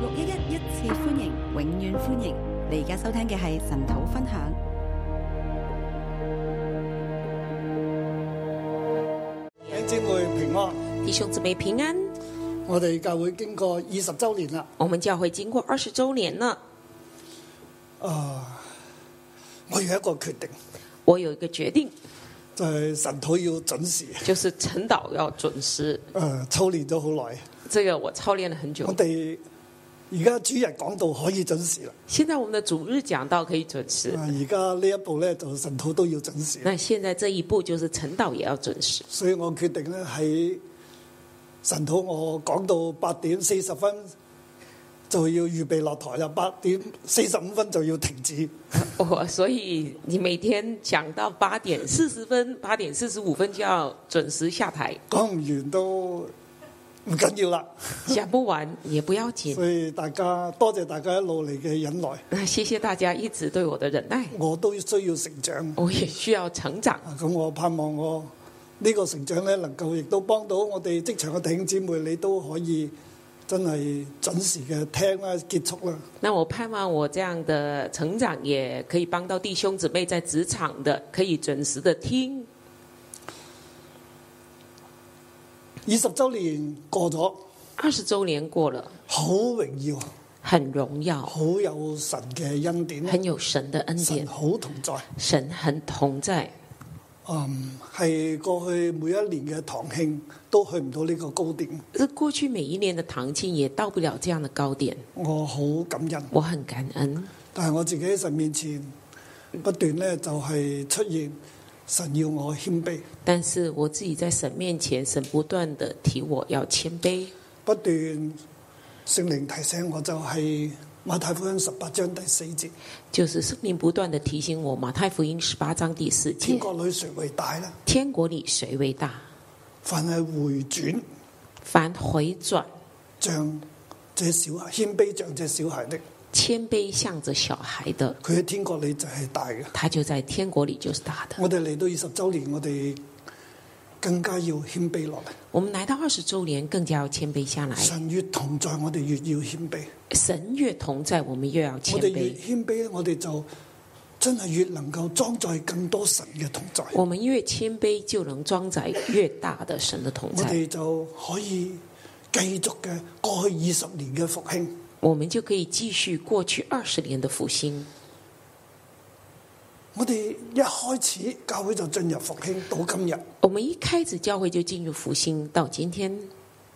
六一一一次歡迎，永遠歡迎！你而家收聽嘅係晨禱分享。弟兄姊妹平安，弟兄姊妹平安。我哋教會經過二十周年啦。我們教會經過二十周年啦。啊！Uh, 我有一個決定，我有一個決定，就係、是、晨禱要準時，就是晨禱要準時。誒、uh,，操練咗好耐，這個我操練了很久。我哋。而家主日講到可以準時啦。現在我們的主日講到可以準時。而家呢一步咧，就神徒都要準時。那現在這一步就是成道也要準時。所以我決定咧喺神徒，我講到八點四十分就要預備落台了，又八點四十五分就要停止。我 所以你每天講到八點四十分、八點四十五分就要準時下台。講唔完都～唔緊要啦，講 不完也不要緊。所以大家多謝大家一路嚟嘅忍耐。謝謝大家一直對我的忍耐。我都需要成長。我也需要成長。咁我盼望我呢個成長咧，能夠亦都幫到我哋職場嘅弟兄姊妹，你都可以真係準時嘅聽啦，結束啦。那我盼望我這樣的成長，也可以幫到弟兄姊妹在職場的，可以準時的聽。二十周年過咗，二十周年過了，好榮耀，很榮耀，好有神嘅恩典，很有神嘅恩典，神好同在，神很同在。嗯，係過去每一年嘅堂慶都去唔到呢個高點，過去每一年嘅堂慶也到不了這樣的高點。我好感恩，我很感恩，但係我自己喺神面前不斷咧就係出現。神要我謙卑，但是我自己在神面前，神不斷的提我要謙卑，不斷聖靈提醒我，就係馬太福音十八章第四節，就是聖靈不斷的提醒我，馬太福音十八章第四節，天國裏誰為大呢？天國裏誰為大？凡係回轉，凡回轉，像這小孩謙卑，像這小孩的。謙卑向着小孩的，佢喺天國裏就係大嘅，他就在天國裏就是大的。我哋嚟到二十周年，我哋更加要謙卑落嚟。我們來到二十周年，更加要謙卑下來。神越同在，我哋越要謙卑。神越同在，我們越要謙卑。我哋越謙卑，我哋就真係越能夠裝載更多神嘅同在。我們越謙卑，就能裝載越大的神嘅同在。我哋就可以繼續嘅過去二十年嘅復興。我們就可以繼續過去二十年的復興。我哋一開始教會就進入復興到今日。我們一開始教會就進入復興到今天。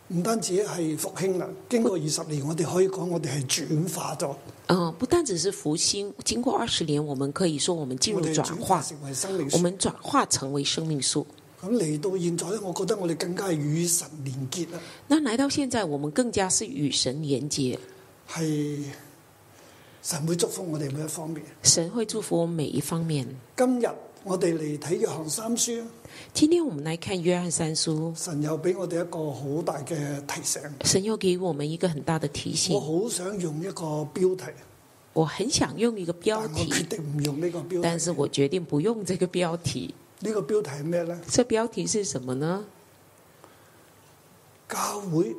唔單止係復興啦，經過二十年，我哋可以講我哋係轉化咗。嗯，不單止是復興，經過二十年，我們可以說我們進入轉化，轉化成生命。我們轉化成為生命樹。咁嚟到現在咧，我覺得我哋更加係與神連結啦。那來到現在，我，我們更加是與神連結。係神會祝福我哋每一方面。神會祝福我們每一方面。今日我哋嚟睇約翰三書。今天我們來看約翰三書。神又俾我哋一個好大嘅提醒。神又給我們一個很大的提醒。我好想用一個標題。我很想用一個標題。我決定唔用呢個標題，但是我決定不用這個標題。呢、這個標題係咩呢？這標題是什麼呢？教會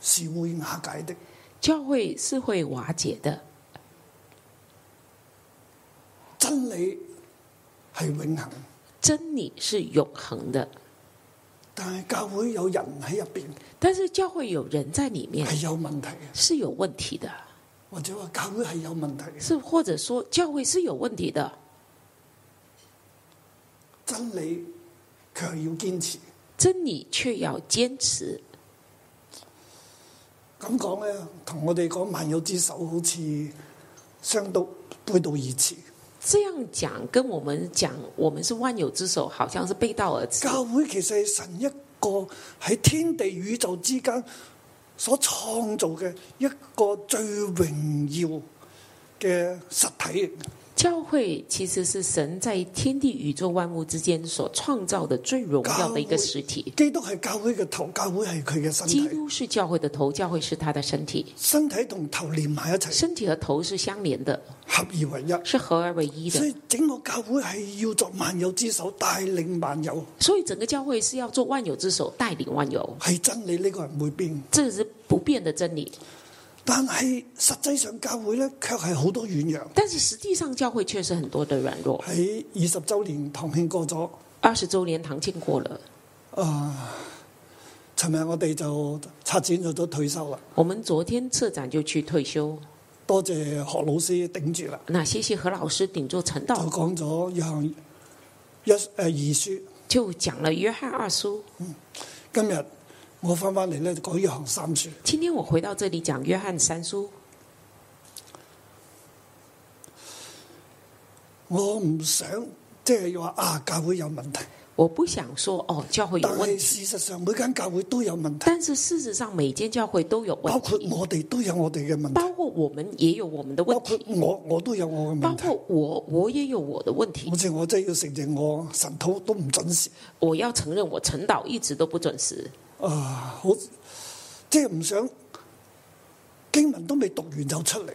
是會瓦解的。教會是會瓦解的，真理係永恆，真理是永恆的。但係教會有人喺入邊，但是教會有人在裏面係有問題嘅，是有問題嘅，或者話教會係有問題嘅，是或者說教會是有問題嘅。真理卻要堅持，真理卻要堅持。咁講咧，同我哋講萬有之首好似相對背道而馳。這樣講，跟我們講，我們是萬有之首，好像是背道而馳。教會其實係神一個喺天地宇宙之間所創造嘅一個最榮耀嘅實體。教會其實是神在天地宇宙萬物之間所創造的最榮耀的一個實體。基督係教會嘅頭，教會係佢嘅身體。基督是教會嘅頭，教會是他嘅身體。身體同頭連埋一齊。身體和頭是相連的，合二為一，是合二為一的。所以整個教會係要做萬有之首，帶領萬有。所以整個教會是要做萬有之首，帶領萬有。係真理呢個係唔會變，這是不變的真理。但係實際上教會咧，卻係好多軟弱。但是實際上教會確實很多的軟弱。喺二十周年堂慶過咗，二十周年堂慶過了。啊，尋日我哋就拆展咗，都退休啦。我們昨天撤展就去退休。多謝何老師頂住啦。嗱謝謝何老師頂住陳導。我講咗約翰一誒、呃、二書，就講了約翰二書。嗯，今日。我翻翻嚟呢，講約翰三書。今天我回到這裏講約翰三書。我唔想即係話啊，教會有問題。我不想說哦，教會有問題。但是事實上，每間教會都有問題。但是事實上，每間教會都有問題。包括我哋都有我哋嘅問題。包括我們也有我們的問題。包括我我都有我嘅問題。包括我我也有我的問題。好似我真要承認，我神徒都唔準時。我要承認我，我陳導一直都不準時。啊、uh,！好，即係唔想經文都未讀完就出嚟。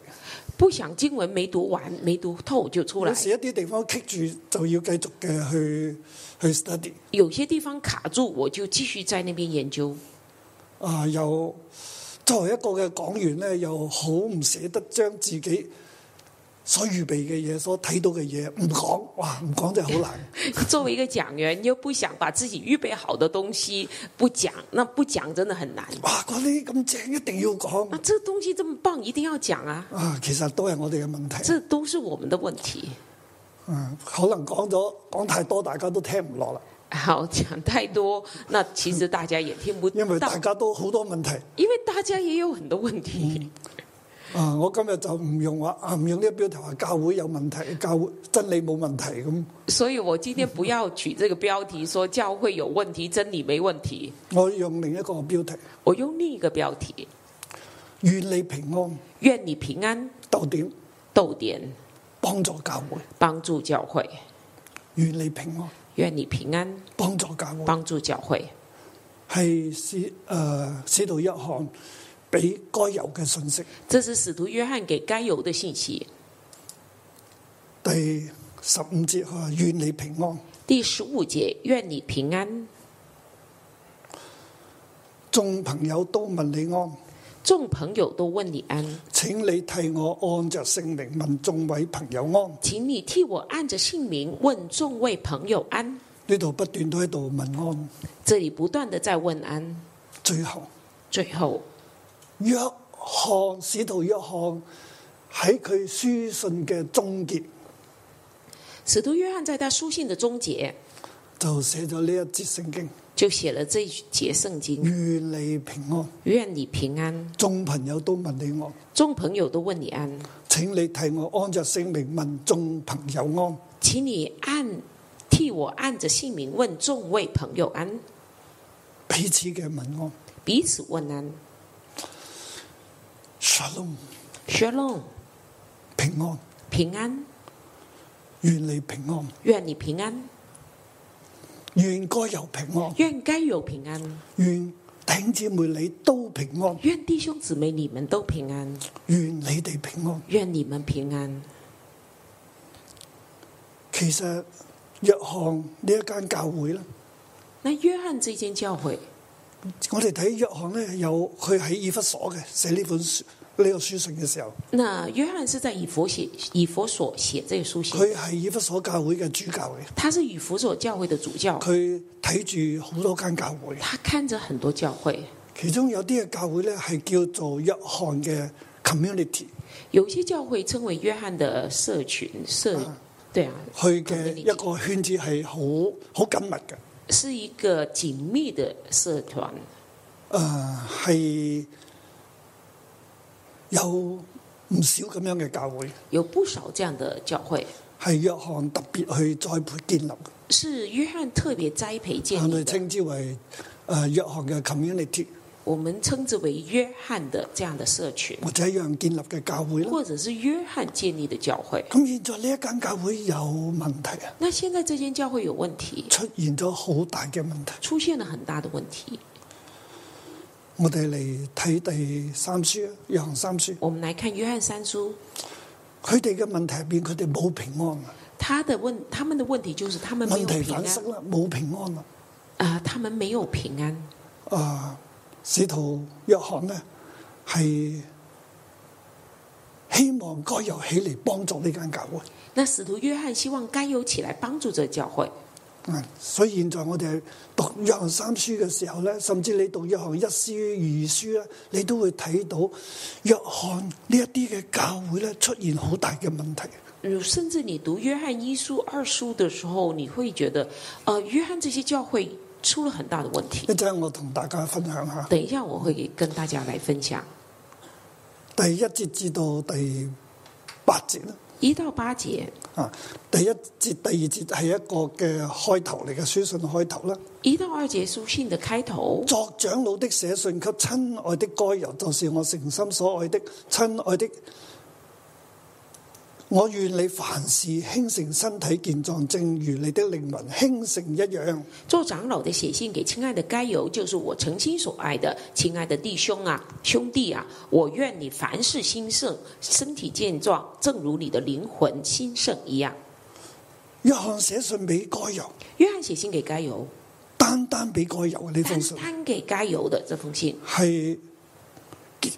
不想經文未讀完、未讀透就出嚟。有時一啲地方棘住，就要繼續嘅去去 study。有些地方卡住，我就繼續在那邊研究。啊、uh,，又作為一個嘅講員咧，又好唔捨得將自己。所預備嘅嘢，所睇到嘅嘢，唔講哇，唔講真係好難。作為一個講員， 又不想把自己預備好的東西不講，那不講真的很難。哇，嗰啲咁正一定要講、嗯。那這東西這麼棒，一定要講啊！啊，其實都係我哋嘅問題。這都是我們的問題。嗯，可能講咗講太多，大家都聽唔落啦。好，講太多，那其實大家也聽不。因為大家都好多問題。因為大家也有很多問題。嗯。啊！我今日就唔用話，唔用呢個標題話教會有問題，教會真理冇問題咁。所以我今天不要取這個標題， 說教會有問題，真理沒問題。我用另一個標題。我用呢一個標題。願你平安，願你平安，鬥點鬥點幫助教會，幫助教會。願你平安，願你平安，幫助教會，幫助教會。係使徒誒，使徒、呃、到一行。俾該有嘅信息，這是使徒約翰給該有的信息。第十五節，願你平安。第十五節，願你平安。眾朋友都問你安，眾朋友都問你安，請你替我按着姓名問眾位朋友安，請你替我按着姓名問眾位朋友安。呢度不斷都喺度問安，這裏不斷地在問安，最後，最後。約翰使徒約翰喺佢書信嘅終結，使徒約翰在他書信嘅終結就寫咗呢一節聖經，就寫了這一節聖經。願你平安，願你平安。眾朋友都問你安，眾朋友都問你安。請你替我按着姓名問眾朋友安，請你按替我按着姓名問眾位朋友安，彼此嘅問安，彼此問安。沙龍，平安，平安，願你平安，願你平安，願哥又平安，願哥又平安，願弟兄姊妹你都平安，願弟兄姊妹你們都平安，願你哋平安，願你們平安。其實約翰呢一間教會咧，那約翰這間教會。 我哋睇約翰咧，有佢喺以弗所嘅寫呢本書呢、這個書信嘅時候，嗱約翰是在以弗寫以弗所寫這個書信，佢係以弗所教會嘅主教嘅，他是以弗所教會的主教，佢睇住好多間教會，他看着很多教會，其中有啲嘅教會咧係叫做約翰嘅 community，有些教會稱為約翰的社群社、啊，對啊，佢嘅一個圈子係好好緊密嘅。是一個緊密的社團，誒係有唔少咁樣嘅教會，有不少這樣嘅教會係約翰特別去栽培建立嘅，係約翰特別栽培建立嘅。我哋稱之為誒約翰嘅 community。我們稱之為約翰的這樣的社群，或者約翰建立嘅教會或者是約翰建立的教會。咁現在呢一間教會有問題啊，那現在這間教會有問題，出現咗好大嘅問題，出現了很大的問題。我哋嚟睇第三書，約翰三書。我們來看約翰三書，佢哋嘅問題係邊？佢哋冇平安啊！他的問，他們的問題就是，他們冇平安啦，冇平安啊！啊、呃，他們沒有平安啊！呃呃使徒約翰呢，係希望該有起嚟幫助呢間教會。那使徒約翰希望該有起嚟幫助這教會，嗯。所以現在我哋讀約翰三書嘅時候咧，甚至你讀約翰一書二書咧，你都會睇到約翰呢一啲嘅教會咧出現好大嘅問題。如，嗯、甚至你讀約翰一書二書嘅時候，你會覺得，啊、呃，約翰這些教會。出了很大的問題。一陣我同大家分享下。等一下我會跟大家來分享。第一節至到第八節啦。一到八節。啊，第一節、第二節係一個嘅開頭嚟，嘅書信開頭啦。一到二節書信嘅開頭。作長老的寫信給親愛的該猶，就是我誠心所愛的親愛的。我願你凡事興盛，身體健壯，正如你的靈魂興盛一樣。做長老的寫信給親愛的該油，就是我曾經所愛的親愛的弟兄啊，兄弟啊。我願你凡事興盛，身體健壯，正如你的靈魂興盛一樣。約翰寫信俾該油，約翰寫信給該油，單單俾該油呢封信，單給該油的這封信係，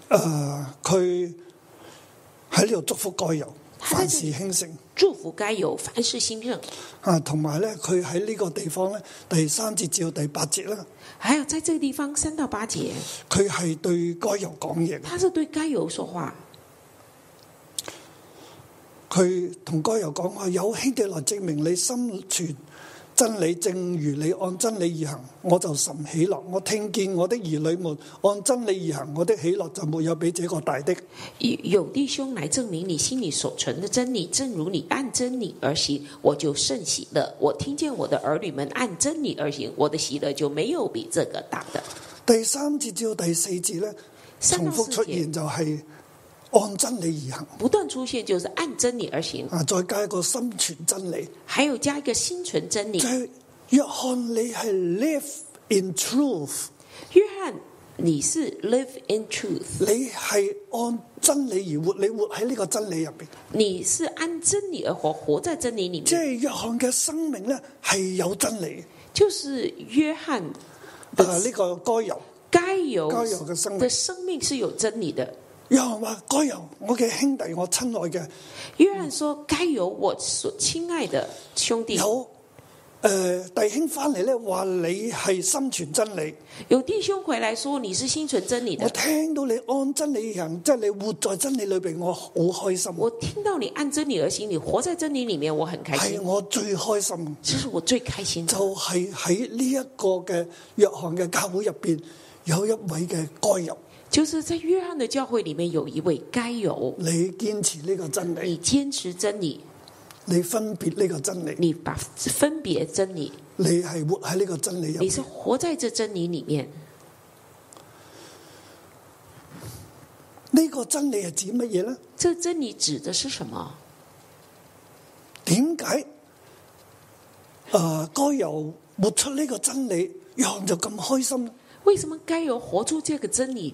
誒佢喺呢度祝福該油。凡事興盛，祝福該猶。凡事興盛啊，同埋咧，佢喺呢個地方咧，第三節至到第八節啦。喺啊，喺呢個地方三到八節，佢係對該猶講嘢。佢係對該猶說話。佢同該猶講話，啊，有兄弟來證明你心存。真理，正如你按真理而行，我就甚喜樂。我聽見我的兒女們按真理而行，我的喜樂就沒有比這個大的。有弟兄來證明你心裏所存的真理，正如你按真理而行，我就甚喜樂。我聽見我的兒女們按真理而行，我的喜樂就沒有比這個大的。第三節至到第四節咧，重複出現就係、是。按真理而行，不斷出現就是按真理而行。啊，再加一個心存真理，還有加一個心存真理。就是、約翰你係 live in truth，約翰你是 live in truth，你係按真理而活，你活喺呢個真理入邊。你是按真理而活，活在真理裏面。即、就、係、是、約翰嘅生命咧，係有真理。就是約翰嘅呢、啊這個該有，該有嘅生嘅生命是有真理的。約翰話：該由我嘅兄弟，我親愛嘅。約、嗯、翰說：該由我所親愛的兄弟。有，誒、呃，弟兄翻嚟咧，話你係心存真理。有弟兄回來說：你是心存真理的。我聽到你按真理行，即、就、係、是、你活在真理裏邊，我好開心。我聽到你按真理而行，你活在真理裏面，我很開心。係我最開心。其、就、實、是、我最開心就係喺呢一個嘅約翰嘅教會入邊，有一位嘅該由。就是在約翰的教會裏面有一位該有，你堅持呢個真理，你堅持真理，你分別呢個真理，你把分別真理，你係活喺呢個真理入面？你是活在這真理裏面。呢個真理係指乜嘢呢？這真理指的是什麼？點解？誒，該有活出呢個真理，約翰就咁開心。為什麼該有活出這個真理？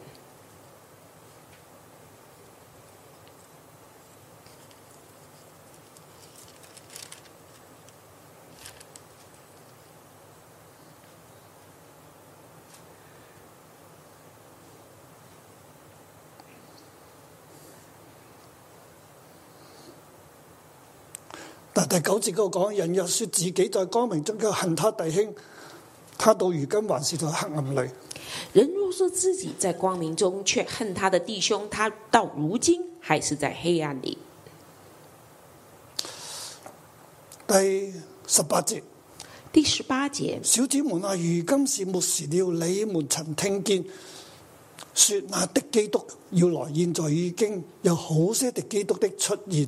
第九節嗰講，人若說自己在光明中卻恨他的弟兄，他到如今還是在黑暗裡。人若說自己在光明中，卻恨他的弟兄，他到如今還是在黑暗裡。第十八節，第十八節，小子們啊，如今是末時了，你們曾聽見說那的基督要來，現在已經有好些的基督的出現。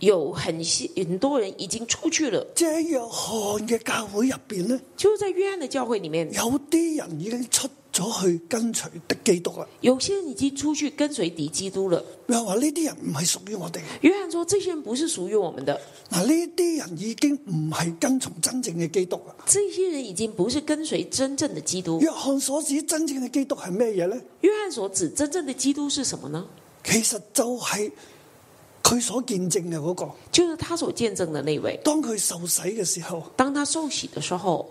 有很、很多人已經出去了。就是、在約翰嘅教會入邊呢，就在約翰嘅教會裡面，有啲人已經出咗去跟隨敵基督啦。有些人已經出去跟隨敵基督了。又話呢啲人唔係屬於我哋。約翰說，這些人不是屬於我們的。嗱，呢啲人已經唔係跟從真正嘅基督啦。這些人已經不是跟隨真正嘅基督了。約翰所指真正嘅基督係咩嘢呢？約翰所指真正嘅基督是什麼呢？其實就係、是。佢所見證嘅嗰、那個，就是他所見證嘅那位。當佢受洗嘅時候，當他受洗嘅時候，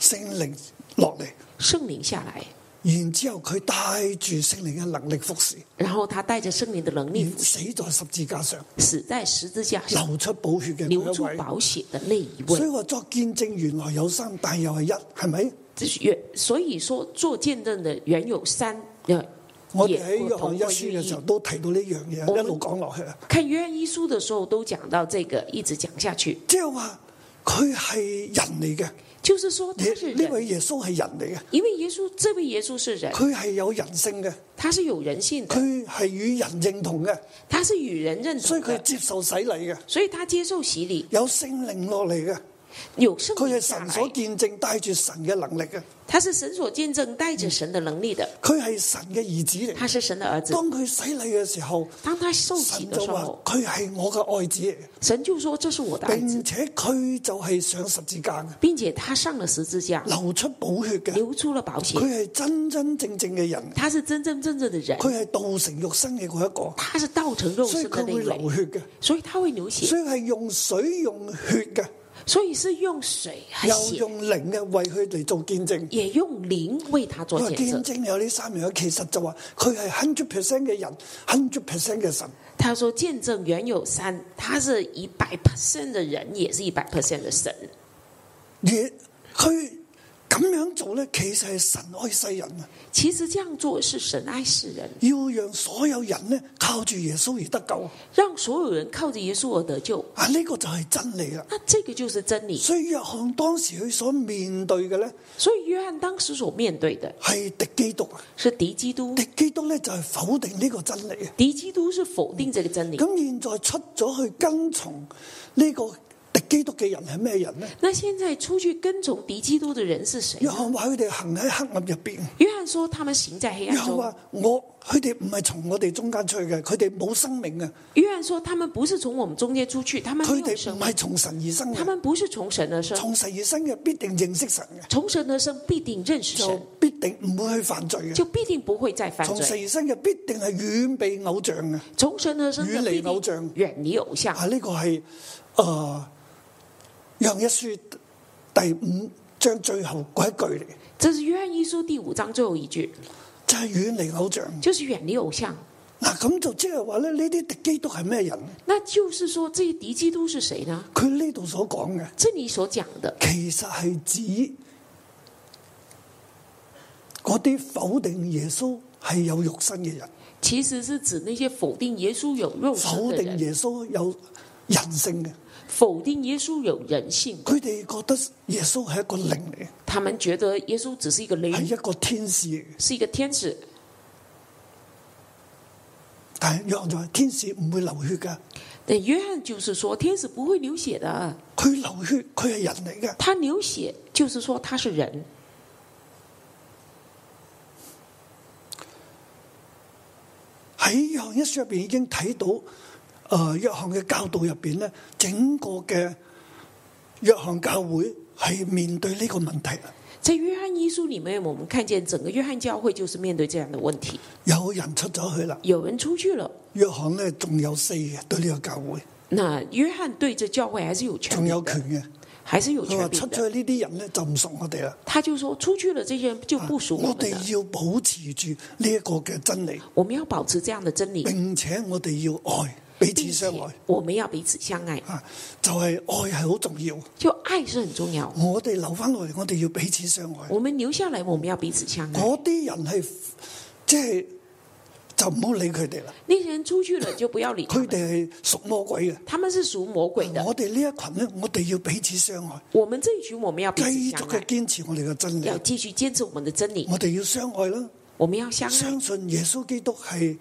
聖靈落嚟，聖靈下來，然之後佢帶住聖靈嘅能力服侍。然後他帶着聖靈嘅能力，死在十字架上，死在十字架上，流出寶血嘅流出寶血嘅流出寶血嘅那一位。所以話作見證原來有三，但又係一，係咪？即係，所以，所以說做見證嘅原有三我哋喺約翰一書嘅時候都提到呢樣嘢，一路、哦、講落去。看約翰一書的時候都講到這個，一直講下去。即係話佢係人嚟嘅，就是說呢位耶穌係人嚟嘅。因為耶穌這位耶穌是人，佢係有人性嘅，佢是有人性，佢係與人認同嘅，佢是與人認同，人認同，所以佢接受洗禮嘅，所以他接受洗禮，有聖靈落嚟嘅。佢係神所見證，帶住神嘅能力嘅，他是神所見證帶住神的能力的。佢係神嘅兒子嚟，佢是神嘅兒子。當佢洗禮嘅時候，當他受洗嘅時候，佢係我嘅愛子嚟嘅。神就說：這是我的愛子，並且佢就係上十字架嘅，並且他上了十字架，流出寶血嘅，流出了寶血。佢係真真正正嘅人，佢是真真正正嘅人。佢係道成肉身嘅嗰一個，佢是道成肉身嘅。所以佢會流血嘅，所以佢會流血，所以係用水用血嘅。所以是用水，又用靈嘅為佢哋做見證，也用靈為他做見證。見證有呢三樣，其實就話佢係 hundred percent 嘅人，hundred percent 嘅神。他說見證原有三，他是一百 percent 嘅人，也是一百 percent 嘅神。而佢。咁樣做咧，其實係神愛世人啊！其實這樣做是神愛世人，要讓所有人咧靠住耶穌而得救，讓所有人靠住耶穌而得救啊！呢個就係真理啊！啊，這個就是真理，是真理。所以約翰當時佢所面對嘅咧，所以約翰當時所面對的係敵基督，是敵基督。敵基督咧就係否定呢個真理，敵基督是否定這個真理。咁、嗯、現在出咗去跟從呢、這個。基督嘅人係咩人呢？那現在出去跟從敵基督的人是誰？約翰話佢哋行喺黑暗入邊。約翰說他們行在黑暗中。約翰話，我佢哋唔係從我哋中間出去嘅，佢哋冇生命嘅。約翰說他們不是從我們中間出去，他們佢哋唔係從神而生嘅。他們不是從神而生，從神而生嘅必定認識神嘅，從神而生必定認識神，必定唔會去犯罪嘅，就必定不會再犯罪。從神而生嘅必定係遠離偶像嘅，從神而生遠離偶像，遠離偶像。啊，呢、這個係誒。呃讓一書第五章最後嗰一句嚟，這是約翰一書第五章最後一句，就係遠離偶像，就是遠離偶像。嗱咁就即係話咧，呢啲敵基督係咩人？那就是說，這些敵基督是誰呢？佢呢度所講嘅，即係你所講嘅，其實係指嗰啲否定耶穌係有肉身嘅人。其實是指那些否定耶穌有肉身的人，否定耶穌有人性嘅。否定耶穌有人性，佢哋覺得耶穌係一個靈嚟。他們覺得耶穌只是一個靈，係一個天使，是一個天使。但係約翰就話天使唔會流血㗎。但約翰就是說天使不會流血的，佢流血佢係人嚟嘅。他流血就是說他是人。喺約翰一書入邊已經睇到。誒、呃，約翰嘅教導入邊咧，整個嘅約翰教會係面對呢個問題啦。在約翰一書裏面，我們看見整個約翰教會就是面對這樣嘅問題。有人出咗去啦，有人出去了。約翰咧，仲，有四對呢個教會。那約翰對這教會還是有權，仲有權嘅，還是有權利。出咗呢啲人咧，就唔屬我哋啦。他就說，出去了這些人就不屬我哋。啊、我哋要保持住呢一個嘅真理，我們要保持這樣嘅真理，並且我哋要愛。彼此相愛，我們要彼此相愛。吓、啊，就係、是、愛係好重要。就愛是很重要。我哋留翻落嚟，我哋要彼此相愛。我們留下嚟，我們要彼此相愛。嗰啲人係即係就唔、是、好理佢哋啦。那些人出去了就不要理佢哋係屬魔鬼嘅，佢哋是屬魔鬼的。我哋呢一群咧，我哋要彼此相愛。我們這一群，我們要彼此相愛，繼續堅持我哋嘅真理，要繼續堅持我們嘅真理。我哋要相愛啦，我們要相愛，們要相，愛相信耶穌基督係。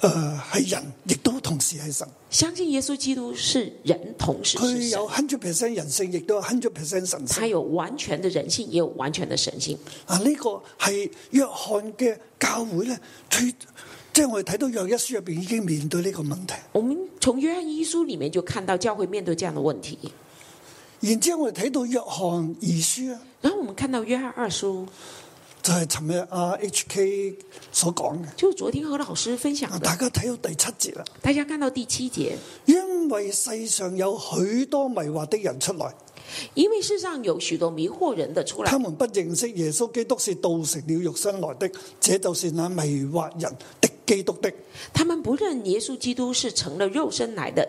呃係人，亦都同時係神。相信耶穌基督是人，同時佢有 hundred percent 人性，亦都有 hundred percent 神性。佢有完全的人性，也有完全的神性。啊，呢、這個係約翰嘅教會咧，即係、就是、我哋睇到約一書入邊已經面對呢個問題。我們從約翰一書裏面就看到教會面對這樣的問題。然之後我哋睇到約翰二書啊，然後我們看到約翰二書。就係、是、尋日阿 HK 所講嘅，就昨天何老師分享的。大家睇到第七節啦，大家看到第七節，因為世上有許多迷惑的人出來，因為世上有許多迷惑人的出來，他們不認識耶穌基督是道成了肉身來的，這就是那迷惑人的基督的，他們不認耶穌基督是成了肉身來的。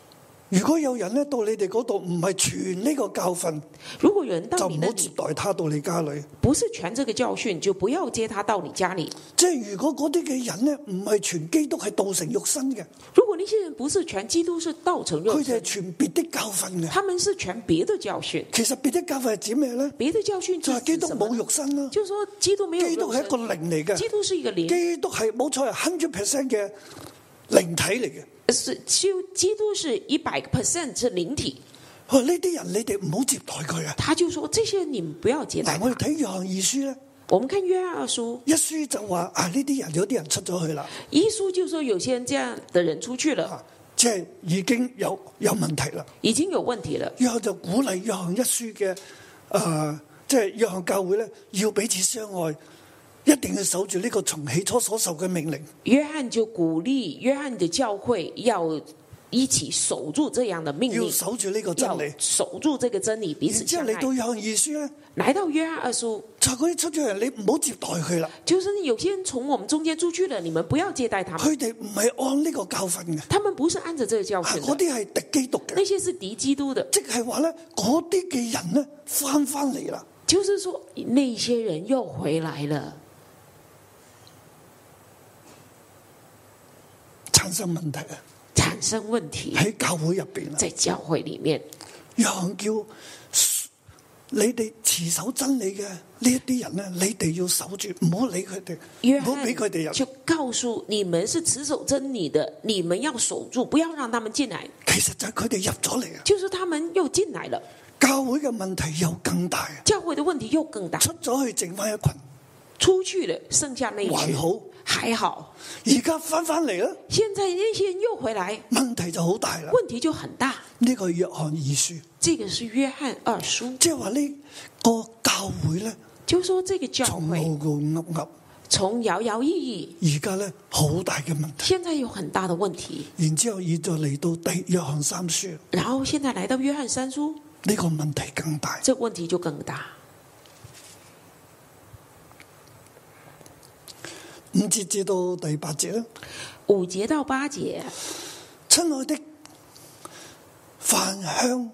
如果有人咧到你哋嗰度，唔係傳呢個教訓，就唔好接待他到你家裏。不是傳這個教訓，就不要接他到你家裏。即係如果嗰啲嘅人咧，唔係傳基督係道成肉身嘅。如果那些人不是傳基督，是道成肉身。佢哋係傳別的教訓嘅。他們是傳別的教訓。其實別的教訓係指咩咧？別的教訓就係、是、基督冇肉身啦、啊。就是、說基督沒有基督係一個靈嚟嘅，基督是一個靈，基督係冇錯係百分之百嘅靈體嚟嘅。是，就基督是一百個 percent 是靈體。哦，呢啲人你哋唔好接待佢啊！他就說：這些人你們不要接待。但我哋睇約翰二書咧，我們看約翰二書，一書就話啊，呢啲人有啲人出咗去啦。一書就說有些人這樣的人出去了，即、啊、係、就是、已經有有問題啦，已經有問題啦。然後就鼓勵約翰一書嘅，誒、呃，即、就、係、是、約翰教會咧，要彼此相愛。一定要守住呢個從起初所受嘅命令。約翰就鼓勵約翰嘅教會要一起守住這樣嘅命令。要守住呢個真理，守住呢個真理。彼此之後你都有意思書咧，來到約翰二書，就嗰啲出咗人，你唔好接待佢啦。就是有些人從我們中間出去了，你們不要接待他們。佢哋唔係按呢個教訓嘅，他們不是按着這個教訓。嗰啲係敵基督嘅，呢些是敵基督的。即係話咧，嗰啲嘅人咧翻翻嚟啦，就是說那些人又回來了。產生問題啊！產生問題喺教會入邊，在教會裏面，有人叫你哋持守真理嘅呢一啲人咧，你哋要守住，唔好理佢哋，唔好俾佢哋入。就告訴你們是持守真理的，你們要守住，不要讓他們進來。其實就係佢哋入咗嚟，就是他們又進來了。教會嘅問題又更大，教會的問題又更大，出咗去剩翻一群，出去的，剩下那群。還好還好，而家翻翻嚟啦。現在那些人又回來，問題就好大啦。問題就很大。呢、這個約翰二書，這個是約翰二書。即係話呢個教會咧，就是、說這個教會從從搖搖曳曳，而家咧好大嘅問題。現在有很大的問題。然之後，而再嚟到第約翰三書，然後現在來到約翰三書，呢、這個問題更大。這個、問題就更大。五節至到第八節咧，五節到八節，親愛的范香，凡向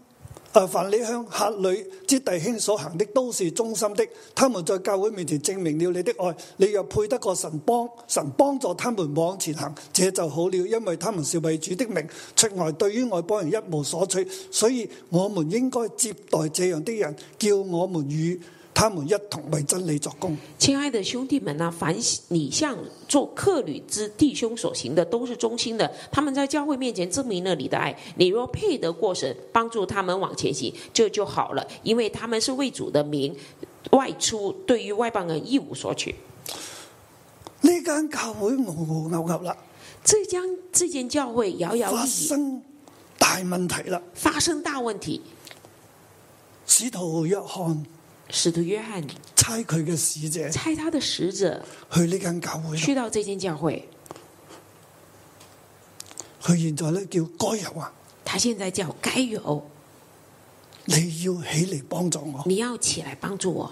啊凡你向客旅之弟兄所行的都是忠心的，他們在教會面前證明了你的愛。你若配得過神幫，神幫助他們往前行，這就好了，因為他們是為主的名，出外，對於外邦人一無所取。所以我們應該接待這樣的人，叫我們與。他們一同為真理做工。親愛的兄弟們啊，凡你向做客旅之弟兄所行的，都是忠心的。他們在教會面前證明了你的愛。你若配得過神幫助他們往前行，這就好了。因為他們是為主的名外出，對於外邦人一無所取。呢間教會冇牛牛啦，這間這間教會遙遙發生大問題啦！發生大問題。使徒約翰。使徒約翰猜佢嘅使者，猜他的使者去呢間教會，去到這間教會，佢現在咧叫該猶啊，他現在叫該猶，你要起嚟幫助我，你要起來幫助我，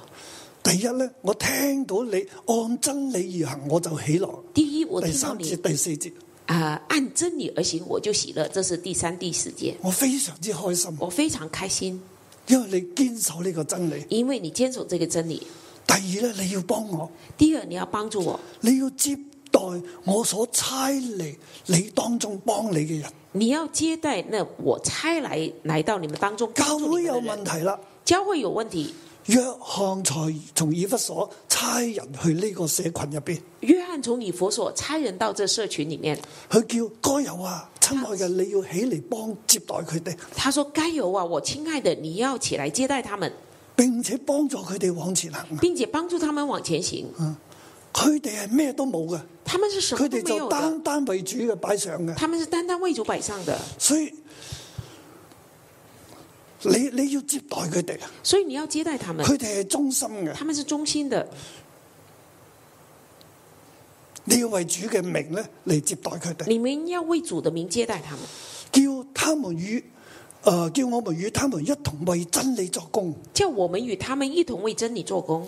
第一咧，我聽到你按真理而行，我就起來，第一我聽到你第四節啊、呃，按真理而行，我就喜樂，這是第三第四節，我非常之開心，我非常開心。因為你堅守呢個真理，因為你堅守這個真理。第二呢，你要幫我。第二你要幫助我，你要接待我所差嚟你當中幫你嘅人。你要接待那我差來來到你們當中。教會有問題啦，教會有問題。約翰才從以弗所差人去呢個社群入邊。約翰從以弗所差人到這社群裏面，佢叫該猶啊，親愛嘅你要起嚟幫接待佢哋。他說：該猶啊，我親愛的，你要起來接待他們，並且幫助佢哋往前行，並且幫助他們往前行。佢哋係咩都冇嘅，他們是佢哋就單單為主嘅擺上嘅，他們是單單為主擺上的，所以。你你要接待佢哋，所以你要接待他們。佢哋係忠心嘅，他們是忠心的。你要為主嘅名咧嚟，接待佢哋。你們要為主嘅名接待他們，叫他們與誒、呃、叫我們與他們一同為真理做工。叫我們與他們一同為真理做工。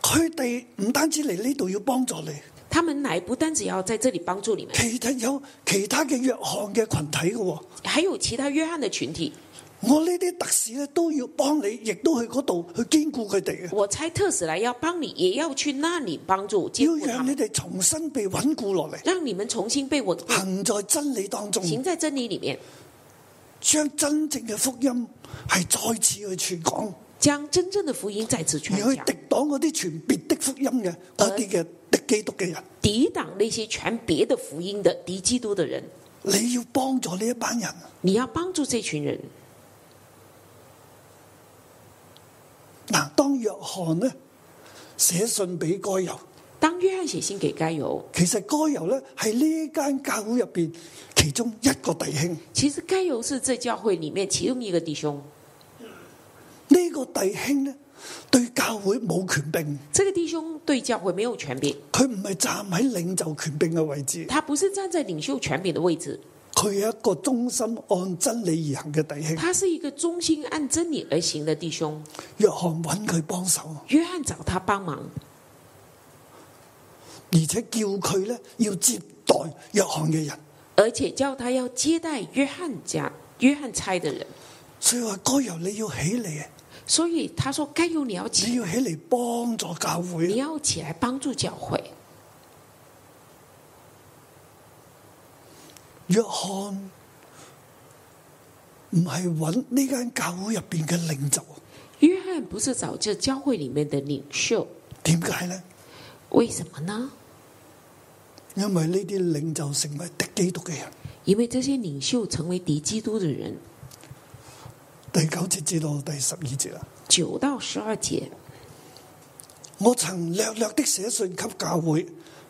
佢哋唔單止嚟呢度要幫助你，他們嚟不單止要在這裏幫助你們，其他有其他嘅約翰嘅群體嘅、哦，還有其他約翰嘅群體。我這呢啲特使咧都要幫你，亦都去嗰度去堅固佢哋嘅。我猜特使嚟要幫你，也要去那裏幫助，要讓你哋重新被穩固落嚟。讓你們重新被穩。行在真理當中。行在真理裏面，將真正嘅福音係再次去傳講。將真正嘅福音再次傳講。去抵擋嗰啲傳別的福音嘅嗰啲嘅敵基督嘅人。抵擋呢些傳別的福音嘅敵基督嘅人。你要幫助呢一班人。你要幫助這群人。嗱，當約翰咧寫信俾該猶，當約翰寫信給該猶，其實該猶咧係呢間教會入邊其中一個弟兄。其實該猶是這教會裏面其中一個弟兄。呢個弟兄咧對教會冇權柄，這個弟兄對教會沒有權柄，佢唔係站喺領袖權柄嘅位置，他不是站在領袖權柄的位置。佢係一個忠心按真理而行嘅弟兄，他是一個忠心按真理而行嘅弟兄。約翰揾佢幫手，約翰找他幫忙，而且叫佢咧要接待約翰嘅人，而且叫他要接待約翰家、約翰差嘅人。所以話該由你要起嚟，所以他說該由你要你要起嚟幫助教會，你要起來幫助教會了。約翰唔係揾呢間教會入邊嘅領袖。約翰不是找這教會裡面嘅領袖。點解呢？為什麼呢？因為呢啲領袖成為敵基督嘅人。因為這些領袖成為敵基督嘅人。第九節至到第十二節啊。九到十二節，我曾略略的寫信給教會。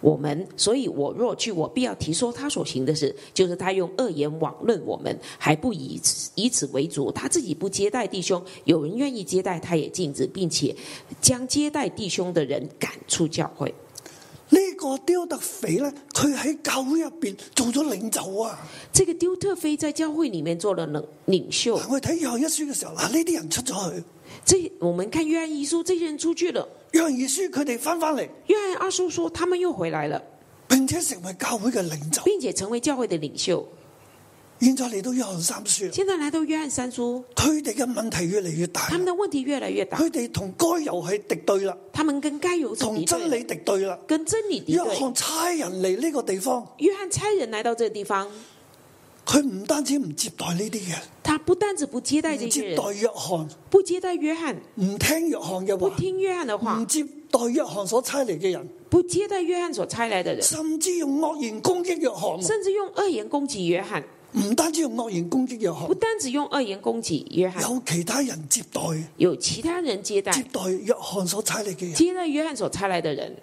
我們，所以我若去，我必要提說他所行的事，就是他用惡言妄論我們，還不以以此為主。他自己不接待弟兄，有人願意接待，他也禁止，並且將接待弟兄的人趕出教會。那、這個丟特腓呢？他喺教會入邊做咗領袖啊！這個丟特腓在教會裏面做了領領袖。我睇約翰一書嘅時候，嗱呢啲人出咗去。這我們看約翰一書，這些人出去了。約翰二書佢哋返返嚟，約翰二書說他們又回來了，並且成為教會嘅領袖，並且成為教會嘅領袖。現在嚟到約翰三書，現在嚟到約翰三書，佢哋嘅問題越嚟越大，他們嘅問題越來越大，佢哋同該猶係敵對啦，他們跟該猶同真理敵對啦，跟真理敵對。約翰差人嚟呢個地方，約翰差人嚟到呢這個地方。佢唔單止唔接待呢啲人，他不單止不接待呢啲人，接待約翰，不接待約翰，唔聽約翰嘅話，不聽約翰嘅話，唔接待約翰所差嚟嘅人，不接待約翰所差嚟嘅人，甚至用惡言攻擊約翰，甚至用惡言攻擊約翰，唔單止用惡言攻擊約翰，不單止用惡言攻擊約翰，有其他人接待，有其他人接待，接待約翰所差嚟嘅人，接待約翰所差嚟嘅人，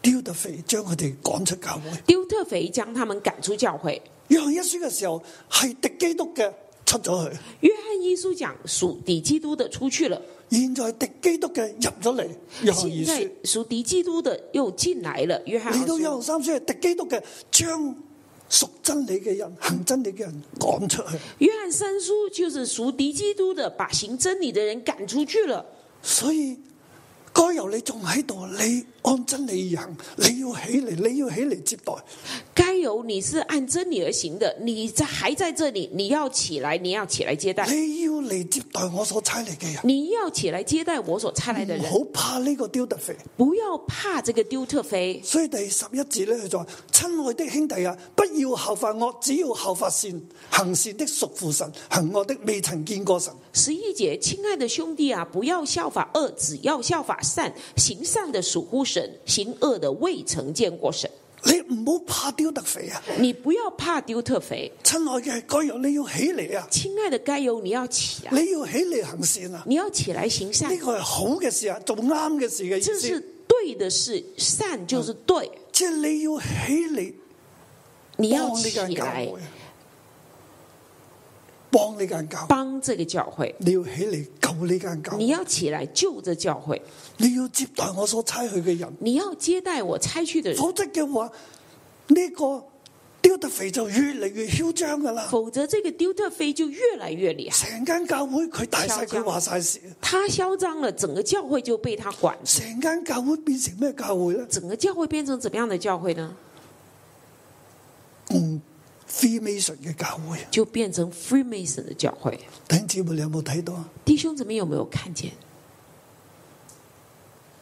丟特腓將佢哋趕出教會，丟特腓將佢哋趕出教會。約翰一書嘅時候係敵基督嘅出咗去，約翰一書講屬敵基督嘅出去了，現在敵基督嘅入咗嚟。現在屬敵基督嘅又進嚟了。約翰嚟到約翰三書係敵基督嘅，將屬真理嘅人行真理嘅人趕出去。約翰三書就是屬敵基督嘅把行真理嘅人趕出去了，所以。該由你仲喺度，你按真理行，你要起嚟，你要起嚟接待。該由你是按真理而行的，你還在這裏，你要起來，你要起來接待。你要嚟接待我所差嚟嘅人，你要起來接待我所差來的人。好怕呢個丟特肥，不要怕這個丟特肥。所以第十一節呢，佢就話：親愛的兄弟啊，不要效法惡，只要效法善，行善的屬乎神，行惡的未曾見過神。十一節，親愛的兄弟啊，不要效法惡，只要效法善。行善的屬乎神，行惡的未曾見過神。你唔好怕丟特肥啊！你不要怕丟特肥。親愛的，該有你要起嚟啊！親愛的，該有你要起啊！你要起嚟行善啊！你要起來行善啊。呢個係好嘅事啊，做啱嘅事嘅意思。這是對的事，善就是對。即係你要起嚟，你要起來。幫呢間教，幫這個教會，你要起嚟救呢間教會，你要起來救這教會，你要接待我所差去嘅人，你要接待我差去嘅人，否則嘅話，呢、這個丟特腓就越嚟越囂張噶啦，否則這個丟特腓就越嚟越厲害。成間教會佢大晒，佢話晒事，他囂張了，整個教會就被他管。成間教會變成咩教會咧？整個教會變成怎麼樣的教會呢？嗯。Freemason 嘅教會就變成 Freemason 的教會，弟兄姊妹有冇睇到？啊？弟兄姊妹有冇有看見？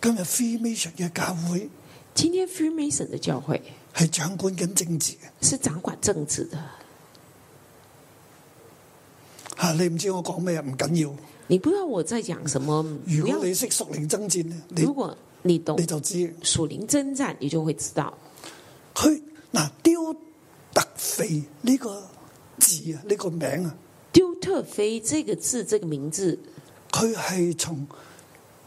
今日 Freemason 嘅教會，今天 Freemason 嘅教會係掌管緊政治嘅，是掌管政治的。吓、啊，你唔知我講咩啊？唔緊要，要，你不知道我在講什麼。如果你識屬靈征戰，如果你懂，你就知屬靈征戰，你就會知道。佢嗱、啊、丟。特飛呢個字啊，呢個名啊，丟特飛這個字，這個名字，佢係從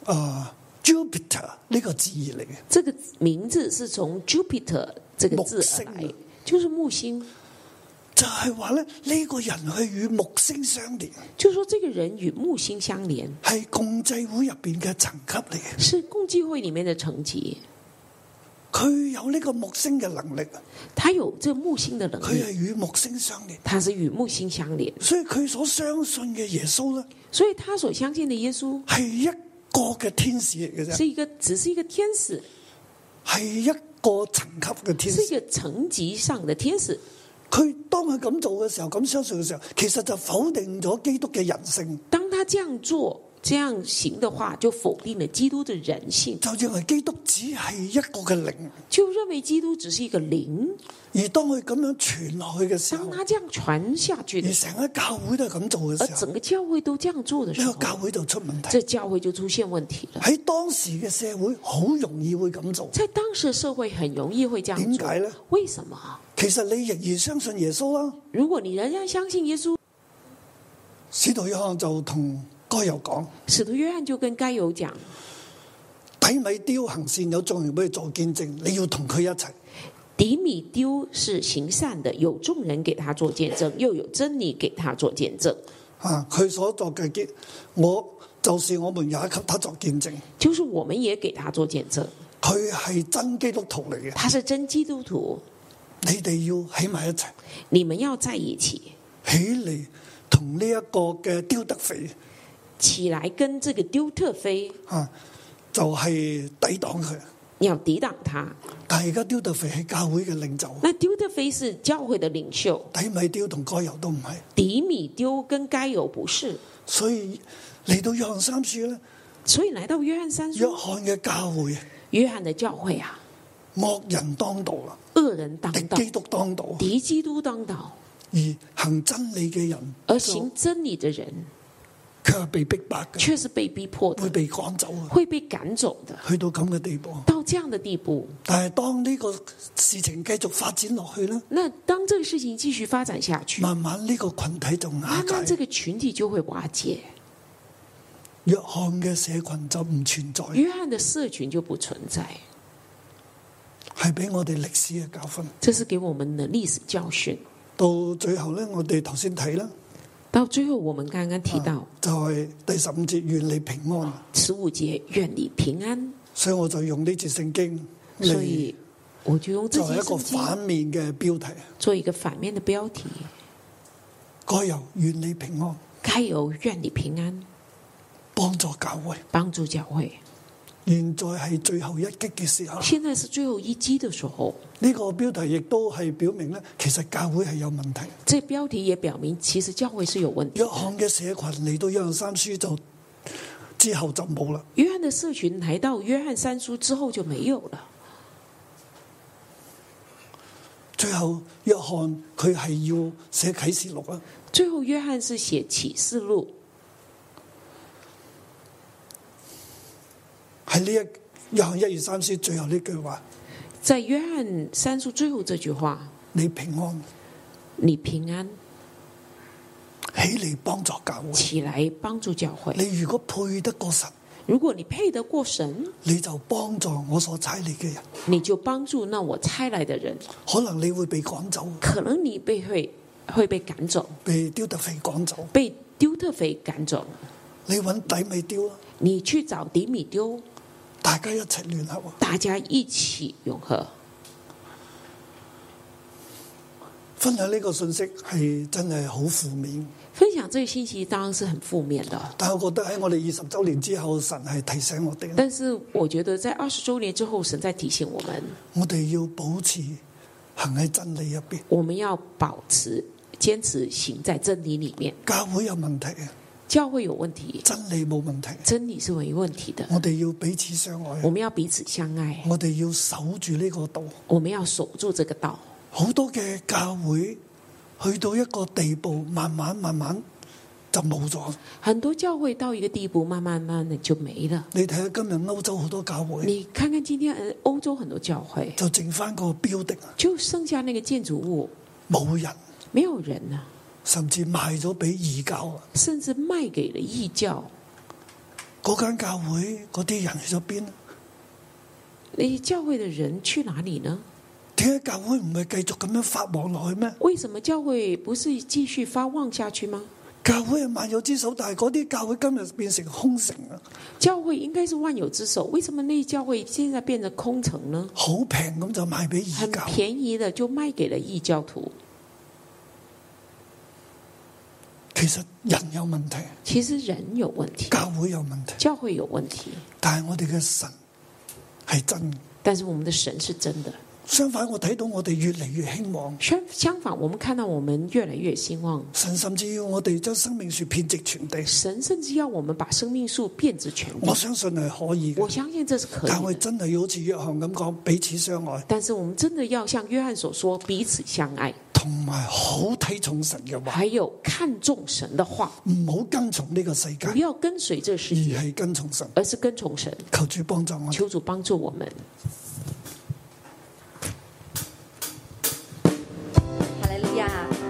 啊 Jupiter 呢個字嚟嘅、這個呃，這個名字是從 Jupiter 這個字來、啊，就是木星，就係話咧呢、這個人係與木星相連，就說這個人與木星相連，係共濟會入邊嘅層級嚟嘅，是共濟會裏面嘅層級。佢有呢個木星嘅能力，他有這個木星的能力。佢係與木星相連，他是與木星相連。所以佢所相信嘅耶穌咧，所以他所相信的耶穌係一個嘅天使嚟嘅啫，是一個只是一個天使，係一個層級嘅天使，是一個層級上的天使。佢當佢咁做嘅時候，咁相信嘅時候，其實就否定咗基督嘅人性。當他這樣做。這樣行的話，就否定了基督的人性。就認為基督只係一個嘅靈，就認為基督只是一個靈。而當佢咁樣傳落去嘅時候，當佢這樣傳下去，的傳下去的，而成個教會都係咁做嘅時候，整個教會都這樣做的時候，這個、教會就出問題，這教會就出現問題啦。喺當時嘅社會，好容易會咁做。在當時的社會，很容易會這樣做。點解呢？為什麼？其實你仍然相信耶穌啦、啊。如果你仍然相信耶穌，使徒可能就同。該猶講，使徒約翰就跟該猶講，底米丟行善，有眾人俾佢做見證，你要同佢一齊。底米丟是行善嘅，有眾人給他做見證，又有真理給他做見證。啊，佢所作嘅結，我就是我們也給他做見證，就是我們也給他做見證。佢係真基督徒嚟嘅，他是真基督徒。你哋要喺埋一齊，你們要在一起，起嚟同呢一個嘅丟德肥，起來跟這個丟特飛啊，就係、是、抵擋佢，你要抵擋他。但係而家丟特飛係教會嘅領袖，那丟特飛是教會的領袖。底米丟同該猶都唔係，底米丟跟該猶不是。所以嚟到約翰三書咧，所以來到約翰三書，約翰嘅教會，約翰嘅教會啊，惡人當道啦，惡人當道，基督當道，敵基督當道，而行真理嘅人，而行真理的人。卻係被逼迫嘅，被逼迫，的被逼迫的，會被趕走，會被趕走的，去到咁嘅地步，到這樣的地步。但係當呢個事情繼續發展落去咧，那當這個事情繼續發展下去，慢慢呢個群體就瓦解，這個群體就會瓦解。約翰嘅社群就唔存在，約翰的社群就不存在，係俾我哋歷史嘅教訓，這是給我們的歷史教訓。到最後咧，我哋頭先睇啦。到最後，我們剛剛提到，啊、就係、是、第十五節願你平安。十五節願你平安。所以我就用呢節聖經，所以我就用呢一個反面嘅標題。做一個反面的標題。該有願你平安。該有願你平安。幫助教會。幫助教會。現在係最後一擊嘅時候。現在是最後一擊的時候。呢、這個標題亦都係表明咧，其實教會係有問題。這標題也表明，其實教會是有問題，題，有問題。約翰嘅社群嚟到約翰三書就之後就冇啦。約翰的社群來到約翰三書之後就沒有了。最後約翰佢係要寫啟示錄啦。最後約翰是寫啟示錄。喺呢一約翰一二三四最後呢句話，在約翰三書最後這句話，你平安，你平安，起來幫助教會，起來幫助教會。你如果配得過神，如果你配得過神，你就幫助我所差嚟嘅人，你就幫助那我差來嘅人。可能你會被趕走，可能你會被會會被趕走，被丟得廢趕走，被丟得廢趕走。你揾底米丟啊，你去找底米丟。大家一齊聯合，大家一起融合。分享呢個信息係真係好負面。分享呢個信息當然是很負面的。但我覺得喺我哋二十周年之後，神係提醒我哋。但是我覺得在二十周年之後，神再提醒我們，我哋要保持行喺真理入邊。我們要保持堅持行在真理裏面。教會有問題啊！教會有問題，真理冇問題，真理是沒問題的。我哋要彼此相愛，我們要彼此相愛。我哋要守住呢個道，我們要守住這個道。好多嘅教會去到一個地步，慢慢慢慢就冇咗。很多教會到一個地步，慢慢慢的就沒了。你睇下今日歐洲好多教會，你看看今天歐洲很多教會，就剩翻個標的，就剩下那個建築物，冇人，沒有人啦。甚至賣咗俾異教，甚至賣給了異教。嗰間教會嗰啲人去咗邊？你教會的人去哪裏呢？點解教會唔係繼續咁樣發旺落去咩？為什麼教會不是繼續發旺下去嗎？教會係萬有之首，但係嗰啲教會今日變成空城啊！教會應該是萬有之首，為什麼呢？教會現在變成空城呢？好平咁就賣俾異教，便宜的就賣給了異教徒。其實人有問題，其實人有問題，教會有問題，教會有問題。但係我哋嘅神係真，但是我們嘅神是真的。相反，我睇到我哋越嚟越興旺。相反，我們看到我哋越來越興旺。神甚至要我哋將生命樹遍植全地。神甚至要我哋把生命樹遍植全地。我相信係可以，我相信這是可以。但係真係要好似約翰咁講，彼此相愛。但是我們真的要像約翰所說，彼此相愛。同埋好睇重神嘅話，還有看重神的話，唔好跟從呢個世界，不要跟隨這世界，而係跟從神，而是跟從神。求主幫助我，求主幫助我們。哈雷利亞，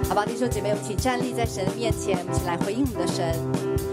好，吧弟兄姐妹，我們請站立在神的面前，起來回應我們的神。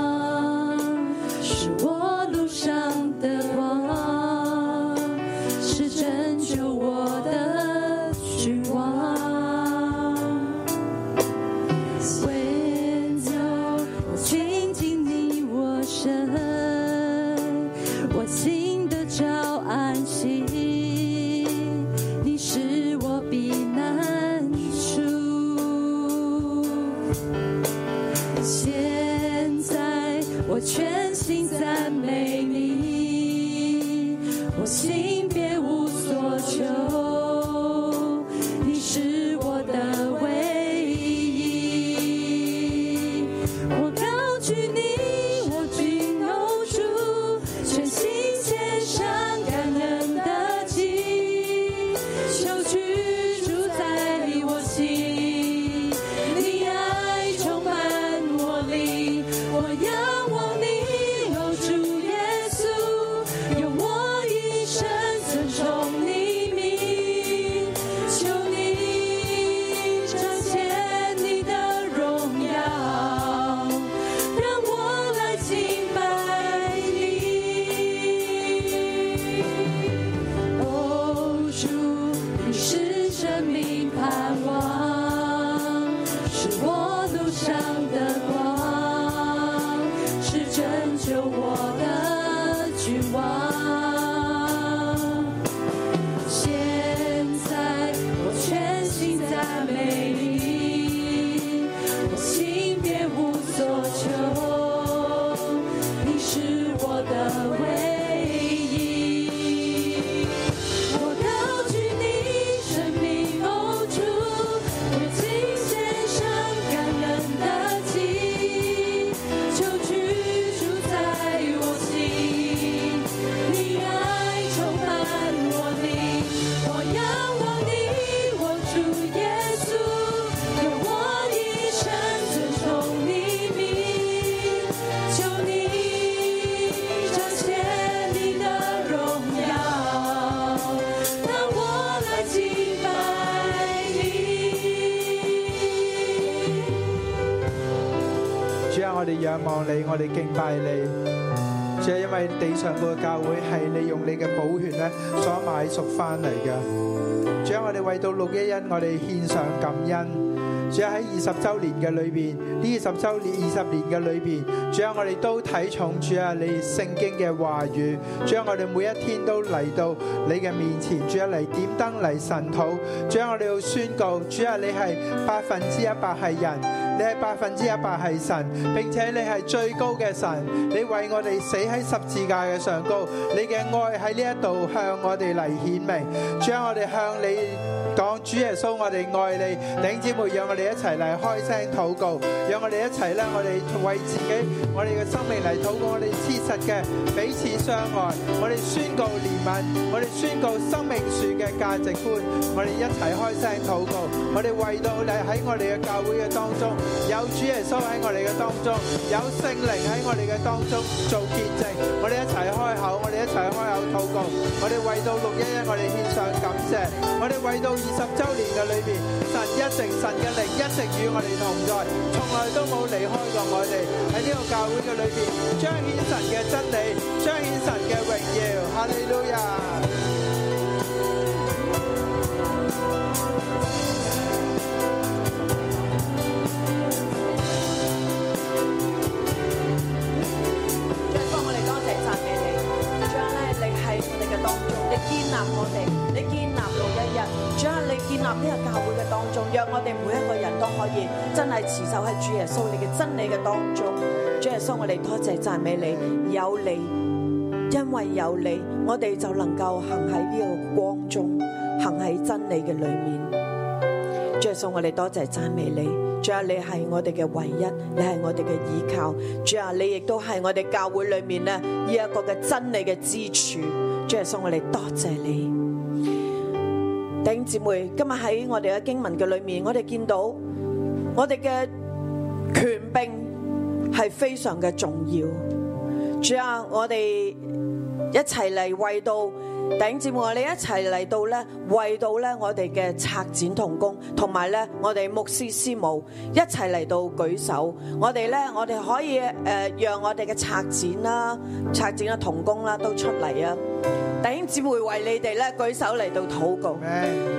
你，我哋敬拜你，主要因為地上嗰個教會係你用你嘅寶血咧，所買贖翻嚟嘅。主我哋為到六一一，我哋獻上感恩。主要喺二十周年嘅裏邊，呢二十周年二十年嘅裏邊，主要我哋都睇重主啊你聖經嘅話語。主要我哋每一天都嚟到你嘅面前，主要嚟點燈嚟神討。主要我哋要宣告，主啊你係百分之一百係人。你係百分之一百係神，並且你係最高嘅神。你為我哋死喺十字架嘅上高，你嘅愛喺呢一度向我哋嚟顯明，將我哋向你。講主耶穌，我哋愛你，弟兄姊妹，讓我哋一齊嚟開聲禱告，讓我哋一齊咧，我哋為自己，我哋嘅生命嚟禱告，我哋切實嘅彼此相愛，我哋宣告憐憫，我哋宣告生命樹嘅價值觀，我哋一齊開聲禱告，我哋為到你喺我哋嘅教會嘅當中有主耶穌喺我哋嘅當中，有聖靈喺我哋嘅當中做見證，我哋一齊開口，我哋一齊開口禱告，我哋為到六一一我哋獻上感謝，我哋為到。二十周年嘅裏邊，神一直神嘅靈一直與我哋同在，從來都冇離開過我哋。喺呢個教會嘅裏邊，彰顯神嘅真理，彰顯神嘅榮耀，哈利路亞。呢個教會嘅當中，讓我哋每一個人都可以真係持守喺主耶穌你嘅真理嘅當中。主耶穌，我哋多謝讚美你，有你，因為有你，我哋就能夠行喺呢個光中，行喺真理嘅裏面。主耶穌，我哋多謝讚美你。主耶穌，你係我哋嘅唯一，你係我哋嘅依靠。主耶穌，你亦都係我哋教會裏面咧呢一個嘅真理嘅支柱。主耶穌，我哋多謝你。弟兄姊妹，今日喺我哋嘅經文嘅裏面，我哋見到我哋嘅權柄係非常嘅重要。主啊，我哋一齊嚟為到。弟兄姊妹，我哋一齊嚟到咧，為到咧我哋嘅差傳同工，同埋咧我哋牧師師母一齊嚟到舉手，我哋咧我哋可以誒，讓我哋嘅差傳啦、差傳嘅同工啦都出嚟啊！弟兄姊妹為你哋咧舉手嚟到禱告，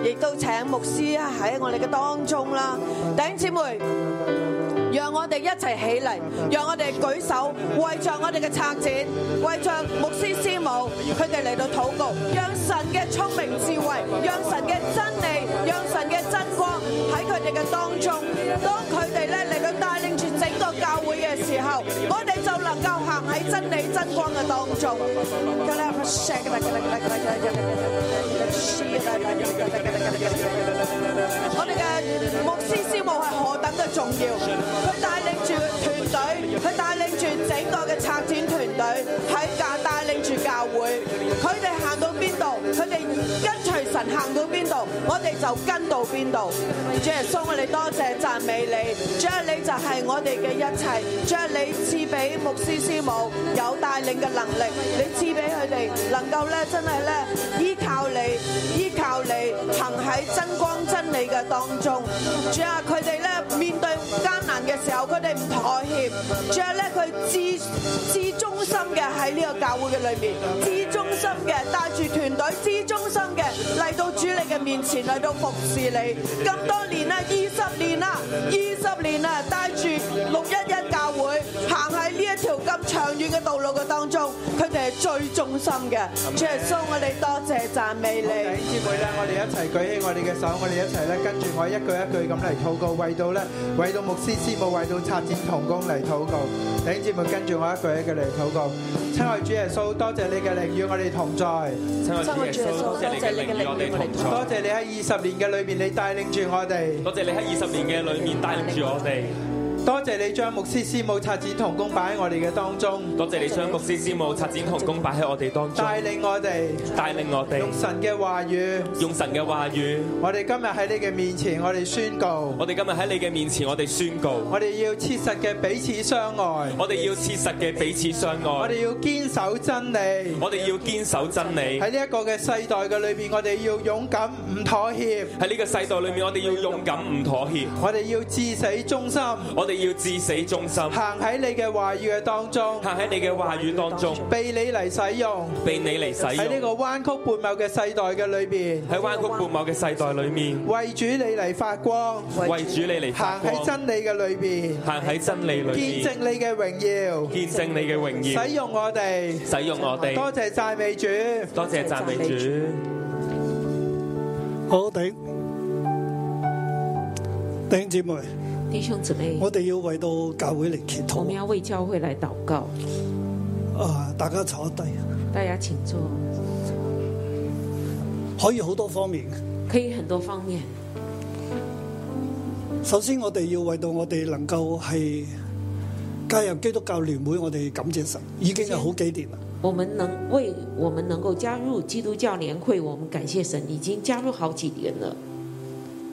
亦都請牧師喺我哋嘅當中啦。弟兄姊妹。讓我哋一齊起嚟，讓我哋舉手，為着我哋嘅策展，為着牧師師母，佢哋嚟到禱告，讓神嘅聰明智慧，讓神嘅真理，讓神嘅真光喺佢哋嘅當中。當佢哋咧嚟到帶領住整個教會嘅時候，我哋。能夠行喺真理真光嘅當中，我哋嘅牧師師母係何等嘅重要，佢帶領住團隊，佢帶領住整個嘅策展團隊喺教帶領住教會，佢哋行到邊度，佢哋跟隨神行到邊度，我哋就跟到邊度。主耶穌，我哋多謝讚美你，主啊，你就係我哋嘅一切，主啊，你賜俾牧師師母有帶領嘅能力，你賜俾佢哋，能夠咧真係咧依靠你，依靠你行喺真光真理嘅當中。仲有佢哋咧面對艱難嘅時候，佢哋唔妥協。仲有咧佢至至忠心嘅喺呢個教會嘅裏面，至忠心嘅帶住團隊，至忠心嘅嚟到主你嘅面前嚟到服侍你咁多年啦，二十年啦，二十年啦，帶住六一一教會行，咁長遠嘅道路嘅當中，佢哋係最忠心嘅。主耶穌，我哋多謝讚美你。弟兄姊妹咧，我哋一齊舉起我哋嘅手，我哋一齊咧跟住我一句一句咁嚟禱告，為到咧為到牧師師母，為到差傳同工嚟禱告。弟兄姊妹跟住我一句一句嚟禱告。親愛主耶穌，多謝你嘅靈與我哋同在。親愛主耶穌，多謝你嘅靈與我哋同在。多謝你喺二十年嘅裏面，你帶領住我哋。多謝你喺二十年嘅裏面帶領住我哋。多謝你將牧師、師母、拆展同工擺喺我哋嘅當中。多謝你將牧師、師母、拆展同工擺喺我哋當中。帶領我哋，帶領我哋。用神嘅話語，用神嘅話語。我哋今日喺你嘅面前，我哋宣告。我哋今日喺你嘅面前，我哋宣告。我哋要切實嘅彼此相愛。我哋要切實嘅彼此相愛。我哋要堅守真理。我哋要堅守真理。喺呢一個嘅世代嘅裏邊，我哋要勇敢唔妥協。喺呢個世代裏面，我哋要勇敢唔妥協。我哋要至死忠心。我哋。要至死忠心，行喺你嘅話語當中，行喺你嘅話語當中，被你嚟使用，被你嚟使用，喺呢個彎曲悖謬嘅世代嘅裏邊，喺彎曲悖謬嘅世代裏面，為主你嚟發光，為主你嚟，行喺真理嘅裏邊，行喺真理裏邊，見證你嘅榮耀，見證你嘅榮耀，使用我哋，使用我哋，多謝讚美主，多謝讚美主，好頂，頂姊妹。弟兄姊妹，我哋要為到教會嚟祈禱。我們要為教會來禱告。啊，大家坐低。大家請坐。可以好多方面。可以很多方面。首先，我哋要為到我哋能夠係加入基督教聯會，我哋感謝神，已經有好幾年啦。我們能為我們能夠加入基督教聯會，我們感謝神，已經加入好幾年了。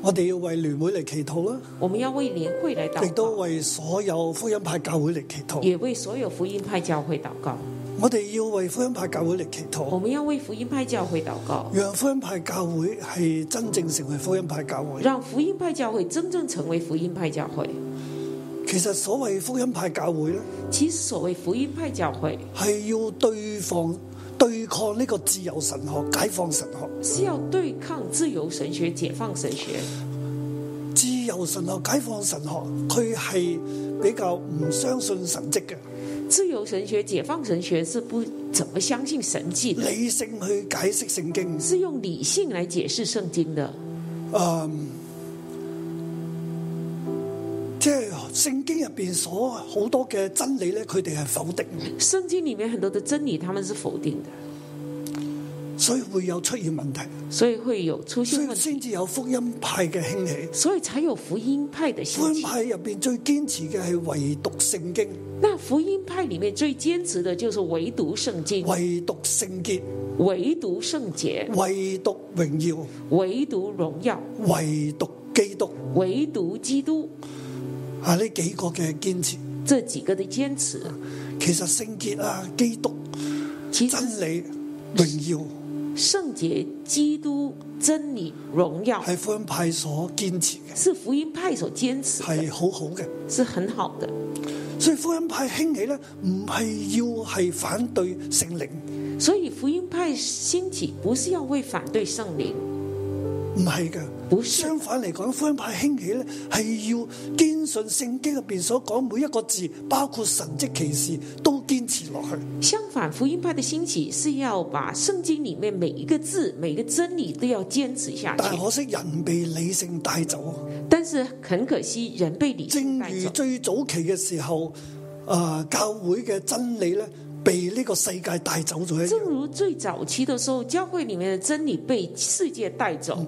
我哋要為聯會嚟祈禱啦！我們要為聯會嚟禱。亦都為所有福音派教會嚟祈禱。也為所有福音派教會禱告。我哋要為福音派教會嚟祈禱。我們要為福音派教會禱告。讓福音派教會係真正成為福音派教會。讓福音派教會真正成為福音派教會。其實所謂福音派教會咧，其實所謂福音派教會係要對方對抗呢個自由神學、解放神學，是要對抗自由神學、解放神學。自由神學、解放神學，佢係比較唔相信神蹟嘅。自由神學、解放神學是不怎麼相信神蹟，理性去解釋聖經，是用理性來解釋聖經的。嗯，即係。聖經入邊所好多嘅真理咧，佢哋係否定。聖經裏面很多嘅真理，他們是否定的，所以會有出現問題。所以會有出現問題，所以先至有福音派嘅興起，所以才有福音派的興起。福音派入邊最堅持嘅係唯獨聖經。那福音派裏面最堅持嘅，就是唯獨聖經，唯獨聖潔，唯獨聖潔。唯獨榮耀，唯獨榮耀，唯獨基督，唯獨基督。啊！呢幾個嘅堅持，這幾個的堅持，其實聖潔啊，基督、真理、榮耀、聖潔、基督、真理、榮耀，係福音派所堅持嘅，是福音派所堅持係好好嘅，是很好嘅。所以福音派興起咧，唔係要係反對聖靈，所以福音派興起，不是要為反對聖靈，唔係嘅。相反嚟講，福音派的興起咧，係要堅信聖經入邊所講每一個字，包括神蹟奇事，都堅持落去。相反，福音派的興起是要把聖經裏面每一個字、每一個真理都要堅持下去。但可惜，人被理性帶走。但是很可惜，人被理性帶走。正如最早期嘅時候，啊、呃，教會嘅真理咧，被呢個世界帶走咗。正如最早期的時候，教會裏面的真理被世界帶走。嗯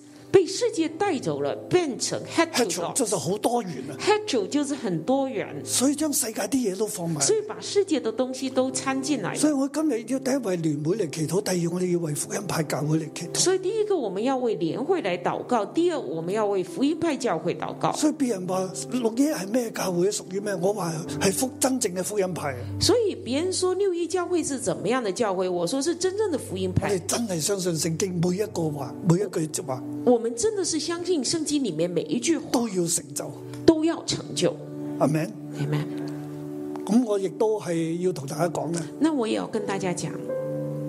被世界帶走了，變成黑酒咯。黑酒就是好多元啊！黑酒就是很多元、啊，所以將世界啲嘢都放埋，所以把世界的東西都摻進來,所參進來。所以我今日要第一為聯會嚟祈禱，第二我哋要為福音派教會嚟祈禱。所以第一個我們要為聯會來禱告，第二我們要為福音派教會禱告。所以別人話六一係咩教會，屬於咩？我話係復真正嘅福音派。所以別人說六一教會是怎麼樣的教會？我說是真正的福音派。你真係相信聖經每一個話，每一句就話我。我我們真的是相信聖經裏面每一句話都要成就，都要成就。阿門，阿門。咁我亦都係要同大家講咧。那我也要跟大家講，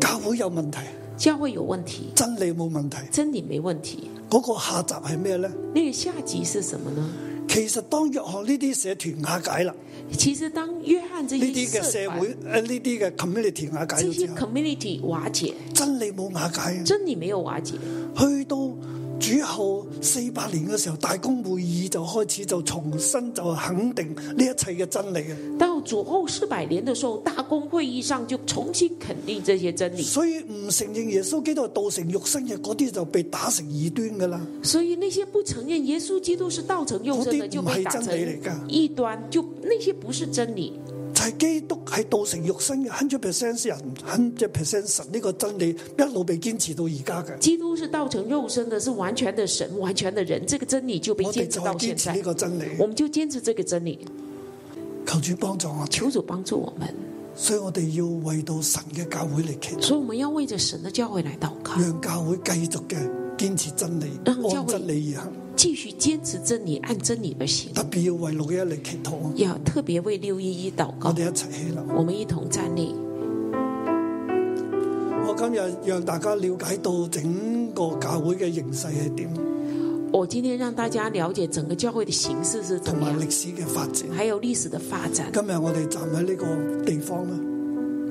教會有問題，教會有問題，真理冇問題，真理沒問題。嗰個下集係咩咧？呢個下集是什麼呢？其實當約翰呢啲社團瓦解啦，其實當約翰呢啲嘅社會，誒呢啲嘅 community 瓦解，這些 community 瓦解，真理冇瓦解，啊，真理沒有瓦解，去到。主後四百年嘅時候，大公會議就開始就重新就肯定呢一切嘅真理啊！到主後四百年嘅時候，大公會議上就重新肯定這些真理。所以唔承認耶穌基督係道成肉身嘅嗰啲就被打成異端噶啦。所以那些不承認耶穌基督是道成肉身嘅就唔係真理嚟㗎異端，就那些不是真理。係基督係道成肉身嘅，hundred percent 人，hundred percent 神，呢個真理一路被堅持到而家嘅。基督是道成肉身嘅，是完全的神，完全的人。這個真理就被堅持到現在。我們就堅持呢個真理，我們就堅持這個真理。求主幫助我，求主幫助我們。所以我哋要為到神嘅教會嚟祈禱。所以我們要為着神嘅教會嚟禱告，讓教會繼續嘅堅持真理，按、嗯、真理行。繼續堅持真理，按真理而行。特別要為六一嚟祈禱。要特別為六一一禱告。我哋一齊起，起立，我們一同站立。我今日讓大家了解到整個教會嘅形勢係點。我今天讓大家了解整個教會嘅形式是同埋歷史嘅發展，還有歷史的發展。今日我哋站喺呢個地方咧。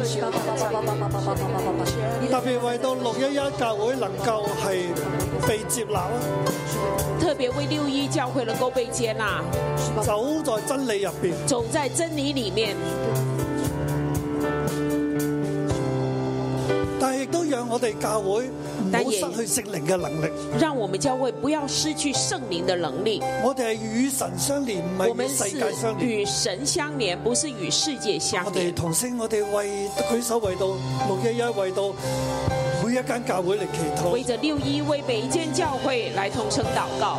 特別為到六一一教會能夠係被接納啊，特別為六一教會能夠被接納，走在真理入邊，走在真理裏面，但係亦都讓我哋教會。但失去聖靈嘅能力，讓我們教會不要失去聖靈嘅能力。我哋係與神相連，唔係與世界相連。我們是與神相連，不是與世界相連。我哋同聲我，我哋為舉手為到，六一一為到每一間教會嚟祈禱。為着六一，為每一間教會來同聲禱告。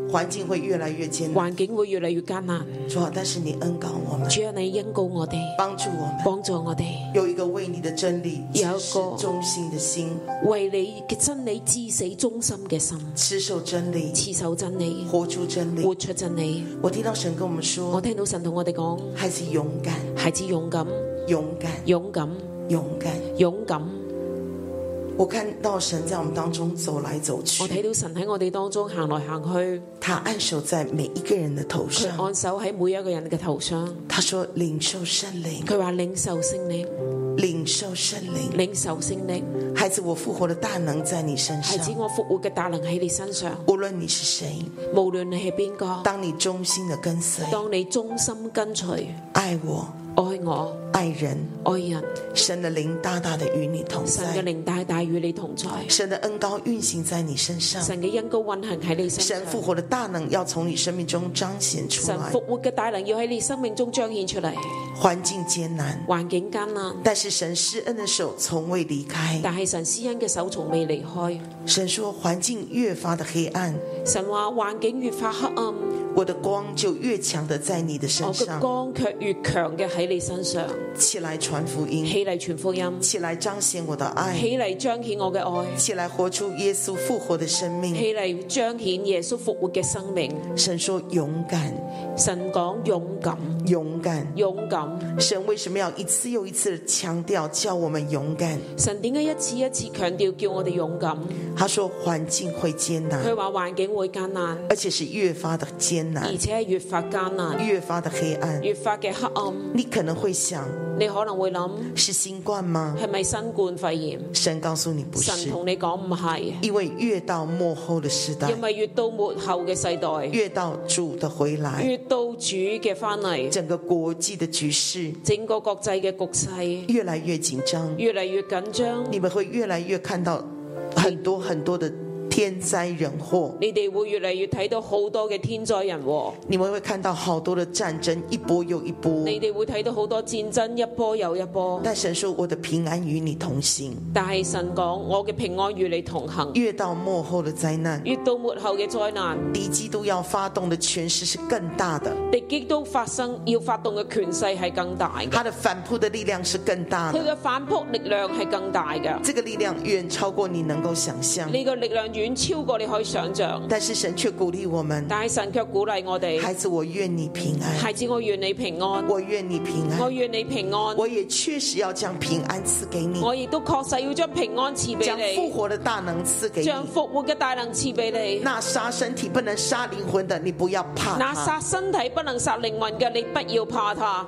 環境會越來越艱難，環境會越來越艱難。主，但是你恩膏我們，要你恩膏我哋，幫助我們，幫助我哋。有一個，有一個為你的真理，有一個忠心的心，為你嘅真理至死忠心嘅心，持守真理，持守真理，活出真理，活出真理。我聽到神跟我們說，我聽到神同我哋講，孩子勇敢，孩子勇敢，勇敢，勇敢，勇敢，勇敢。我看到神在我們當中走來走去。我睇到神喺我哋當中行來行去。他按手在每一個人的頭上。按手喺每一個人嘅頭上。他說：領受聖靈。佢話：領受聖靈，領受聖靈，領受聖靈。孩子，我復活的大能在你身上。孩子，我復活嘅大能喺你身上。無論你是誰，無論你係邊個，當你忠心的跟隨，當你忠心跟隨，愛我。愛我，愛人，愛人，神的靈大大的與你同在，神嘅靈大大與你同在，神的恩高運行在你身上，神嘅恩高運行喺你身上，神復活的大能要從你生命中彰顯出來，神復活嘅大能要喺你生命中彰顯出嚟。環境艱難，環境艱難，但是神施恩嘅手從未離開，但係神施恩嘅手從未離開。神說環境越發的黑暗，神話環境越發黑暗，我的光就越強的在你的身上，光卻越強嘅喺你身上，起來傳福音，起來傳福音，起來彰顯我的愛，起來彰顯我嘅愛，起來活出耶穌復活的生命，起來彰顯耶穌復活嘅生命。神說勇敢，神講勇敢，勇敢，勇敢。神為什麼要一次又一次強調叫我們勇敢？神點解一次一次強調叫我哋勇敢？他說環境會艱難，佢話環境會艱難，而且是越發的艱難，而且係越發艱難，越發的黑暗，越發嘅黑暗。可能會想，你可能會諗，是新冠嗎？係咪新冠肺炎？神告訴你不是。神同你講唔係，因為越到末後的時代，因為越到末後嘅世代，越到主的回來，越到主嘅返嚟，整個國際的局勢，整個國際嘅局勢越來越緊張，越嚟越緊張。你們會越來越看到很多很多的。天災人禍，你哋會越嚟越睇到好多嘅天災人禍。你們會看到好多的戰爭，一波又一波。你哋會睇到好多戰爭，一波又一波。但神說我的平安與你同行，但係神講我嘅平安與你同行。越到末後的災難，越到末後嘅災難，敵基督要發動的權勢是更大的。敵基督發生要發動嘅權勢係更大，他的反撲的力量是更大的，他的反撲力量係更大嘅。這個力量遠超過你能夠想象，呢個力量遠超過你可以想象，但是神卻鼓勵我們。但係神卻鼓勵我哋。孩子，我願你平安。孩子，我願你平安。我願你平安。我願你平安。我也確實要將平安賜給你。我亦都確實要將平安賜俾你。將復活的大能賜給你。將復活嘅大能賜俾你。那殺身體不能殺靈魂的，你不要怕。那殺身體不能殺靈魂嘅，你不要怕他。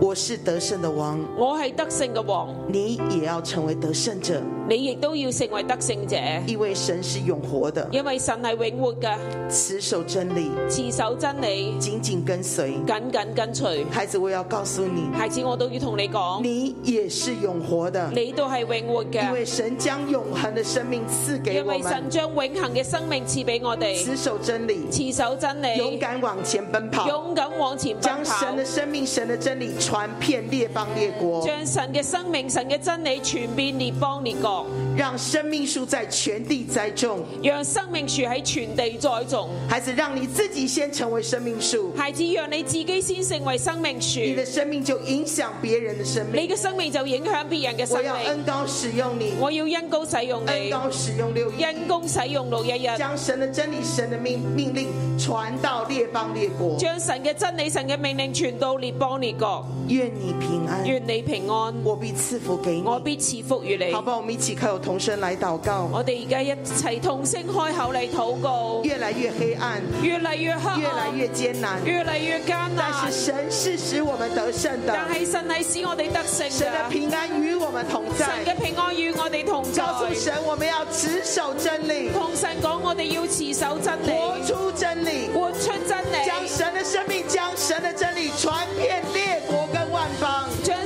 我是得勝的王，我係得勝嘅王。你也要成為得勝者，你亦都要成為得勝者。因為神是永活的，因為神係永活嘅。持守真理，持守真理，緊緊跟隨，緊緊跟隨。孩子，我要告訴你，孩子，我都要同你講，你也是永活的，你都係永活嘅。因為神將永恆的生命賜給我們，因為神將永恆嘅生命賜俾我哋。持守真理，持守真理，勇敢往前奔跑，勇敢往前奔跑。將神的生命，神的真理。傳遍列邦列國，將神嘅生命、神嘅真理傳遍列邦列國，讓生命樹在全地栽種，讓生命樹喺全地栽種。孩子，讓你自己先成為生命樹。孩子，讓你自己先成為生命樹。你的生命就影響別人的生命，你嘅生命就影響別人嘅生命。我要恩膏使用你，我要恩膏使用你，恩膏使用六一，恩膏使用六一。將神嘅真理、神嘅命命令傳到列邦列國，將神嘅真理、神嘅命令傳到列邦列國。願你平安，願你平安。我必賜福給你，我必賜福於你。好，好吧，我們一起靠同聲來禱告。我哋而家一齊同聲開口嚟禱告。越來越黑暗，越來越黑暗，越來越艱難，越來越艱難。但是神是使我們得勝的，但係神係使我哋得，得勝的。神嘅平安與我們同在，神嘅平安與我哋同在。告訴神，我們要持守真理。同神講，我哋要持守真理、真理，活出真理，活出真理，將神的生命，將神的真理傳遍列國。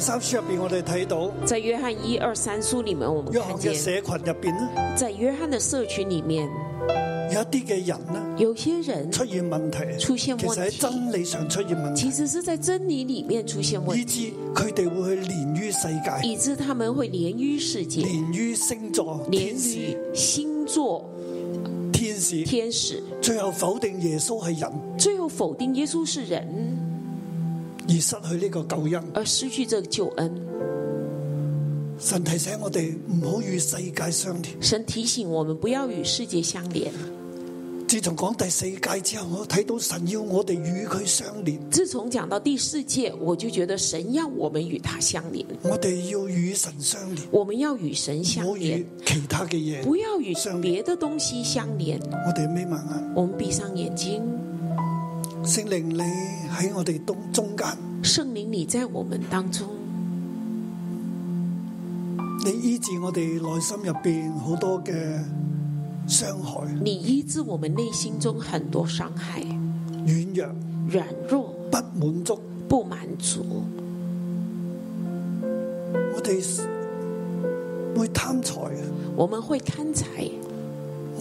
三書入邊，我哋睇到，在約翰一二三書裏面，我們約翰嘅社群入邊呢，在約翰嘅社群裏面，有一啲嘅人呢，有些人出現問題，出現問題，其實喺真理上出現問題，其實是在真理裏面出現問題，以致佢哋會連於世界，以致他們會連於世界，連於星座，連於星座，天使，天使，天使，最後否定耶穌係人，最後否定耶穌是人。而失去呢個救恩，而失去這個救恩。神提醒我哋唔好與世界相連。神提醒我們不要與世界相連。自從講第四屆之後，我睇到神要我哋與佢相連。自從講到第四屆，我就覺得神要我們與他相連。我哋要與神相連，我們要與神相連。相連其他嘅嘢，不要與別的東西相連。我哋未滿啊！我們閉上眼睛。聖靈你喺我哋中間，聖靈你在我們當中，你醫治我哋內心入邊好多嘅傷害，你醫治我們內心中很多傷害，軟弱、軟弱、不滿足、不滿足，我哋會貪財啊，我們會貪財。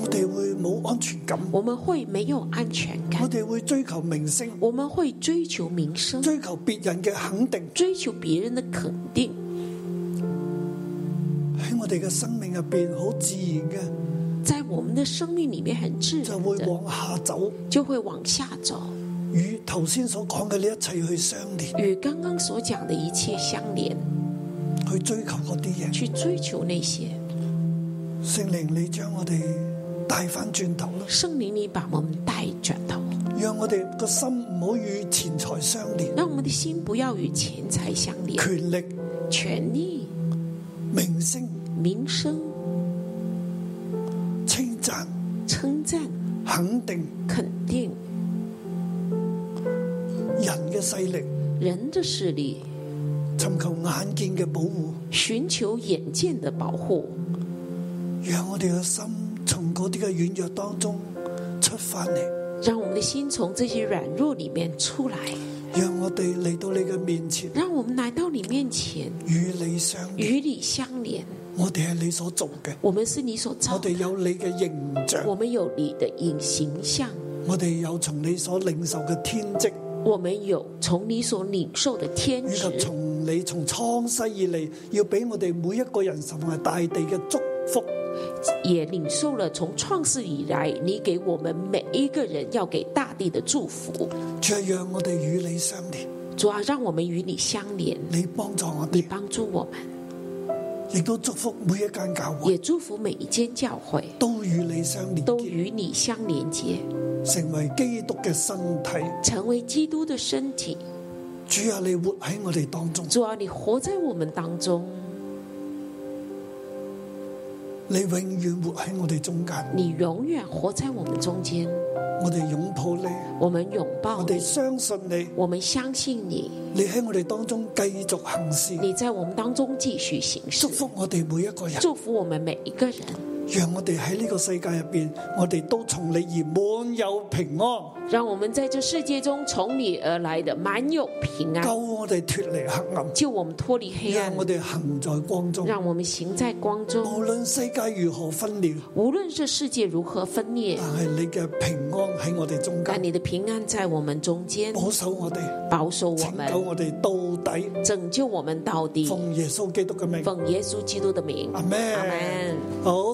我哋會冇安全感，我們會沒有安全感。我哋會追求名聲，我們會追求名聲，追求別人嘅肯定，追求別人的肯定，喺我哋嘅生命入邊好自然嘅。在我們的生命裏面很自然就會往下走，就會往下走，與頭先所講嘅呢一切去相連，與剛剛所講嘅一切相連，去追求嗰啲嘢，去追求那些。聖靈，你將我哋。帶翻轉頭咯！聖靈，你把我們帶轉頭，讓我哋個心唔好與錢財相連。讓我們的心不要與錢財相連。權力、權利、名聲、名聲、稱讚、稱讚、肯定、肯定，人嘅勢力，人嘅勢力，尋求眼見嘅保護，尋求眼見嘅保護，讓我哋嘅心。從嗰啲嘅軟弱當中出翻嚟，讓我們的心從這些軟弱裡面出來。讓我哋嚟到你嘅面前，讓我們來到你面前，與你相與你相連。我哋係你所做嘅，我們是你所造的。我哋有你嘅形象，我們有你的形象。我哋有從你所領受嘅天職，我哋有從你所領受嘅天職。以及從你從創世以嚟，要俾我哋每一個人甚同大地嘅祝福。也領受了從創世以來，你給我們每一個人要給大地的祝福。主讓我哋與你相連，主啊，讓我們與你相連。你幫助我，你幫助我們，亦都祝福每一間教會，也祝福每一間教會都與你相連，都與你相連結，成為基督嘅身體，成為基督的身體。主啊，你活喺我哋當中，主啊，你活在我們當中。主啊，你活在我們當中。你永遠活喺我哋中間。你永遠活在我們中間。我哋擁抱你。我們擁抱你。我哋相信你。我們相信你。你喺我哋當中繼續行事。你在我們當中繼續行事。祝福我哋每一個人。祝福我們每一個人。讓我哋喺呢個世界入邊，我哋都從你而滿有平安。讓我們在這世界中從你而來的滿有平安。救我哋脫離黑暗，救我們脫離黑暗。讓我哋行在光中，讓我們行在光中。無論世界如何分裂，無論是世界如何分裂，但係你嘅平安喺我哋中間，但你嘅平安在我們中間。保守我哋，保守我們，救我哋到底，拯救我們到底。奉耶穌基督嘅名，奉耶穌基督嘅名。阿門，阿門。好，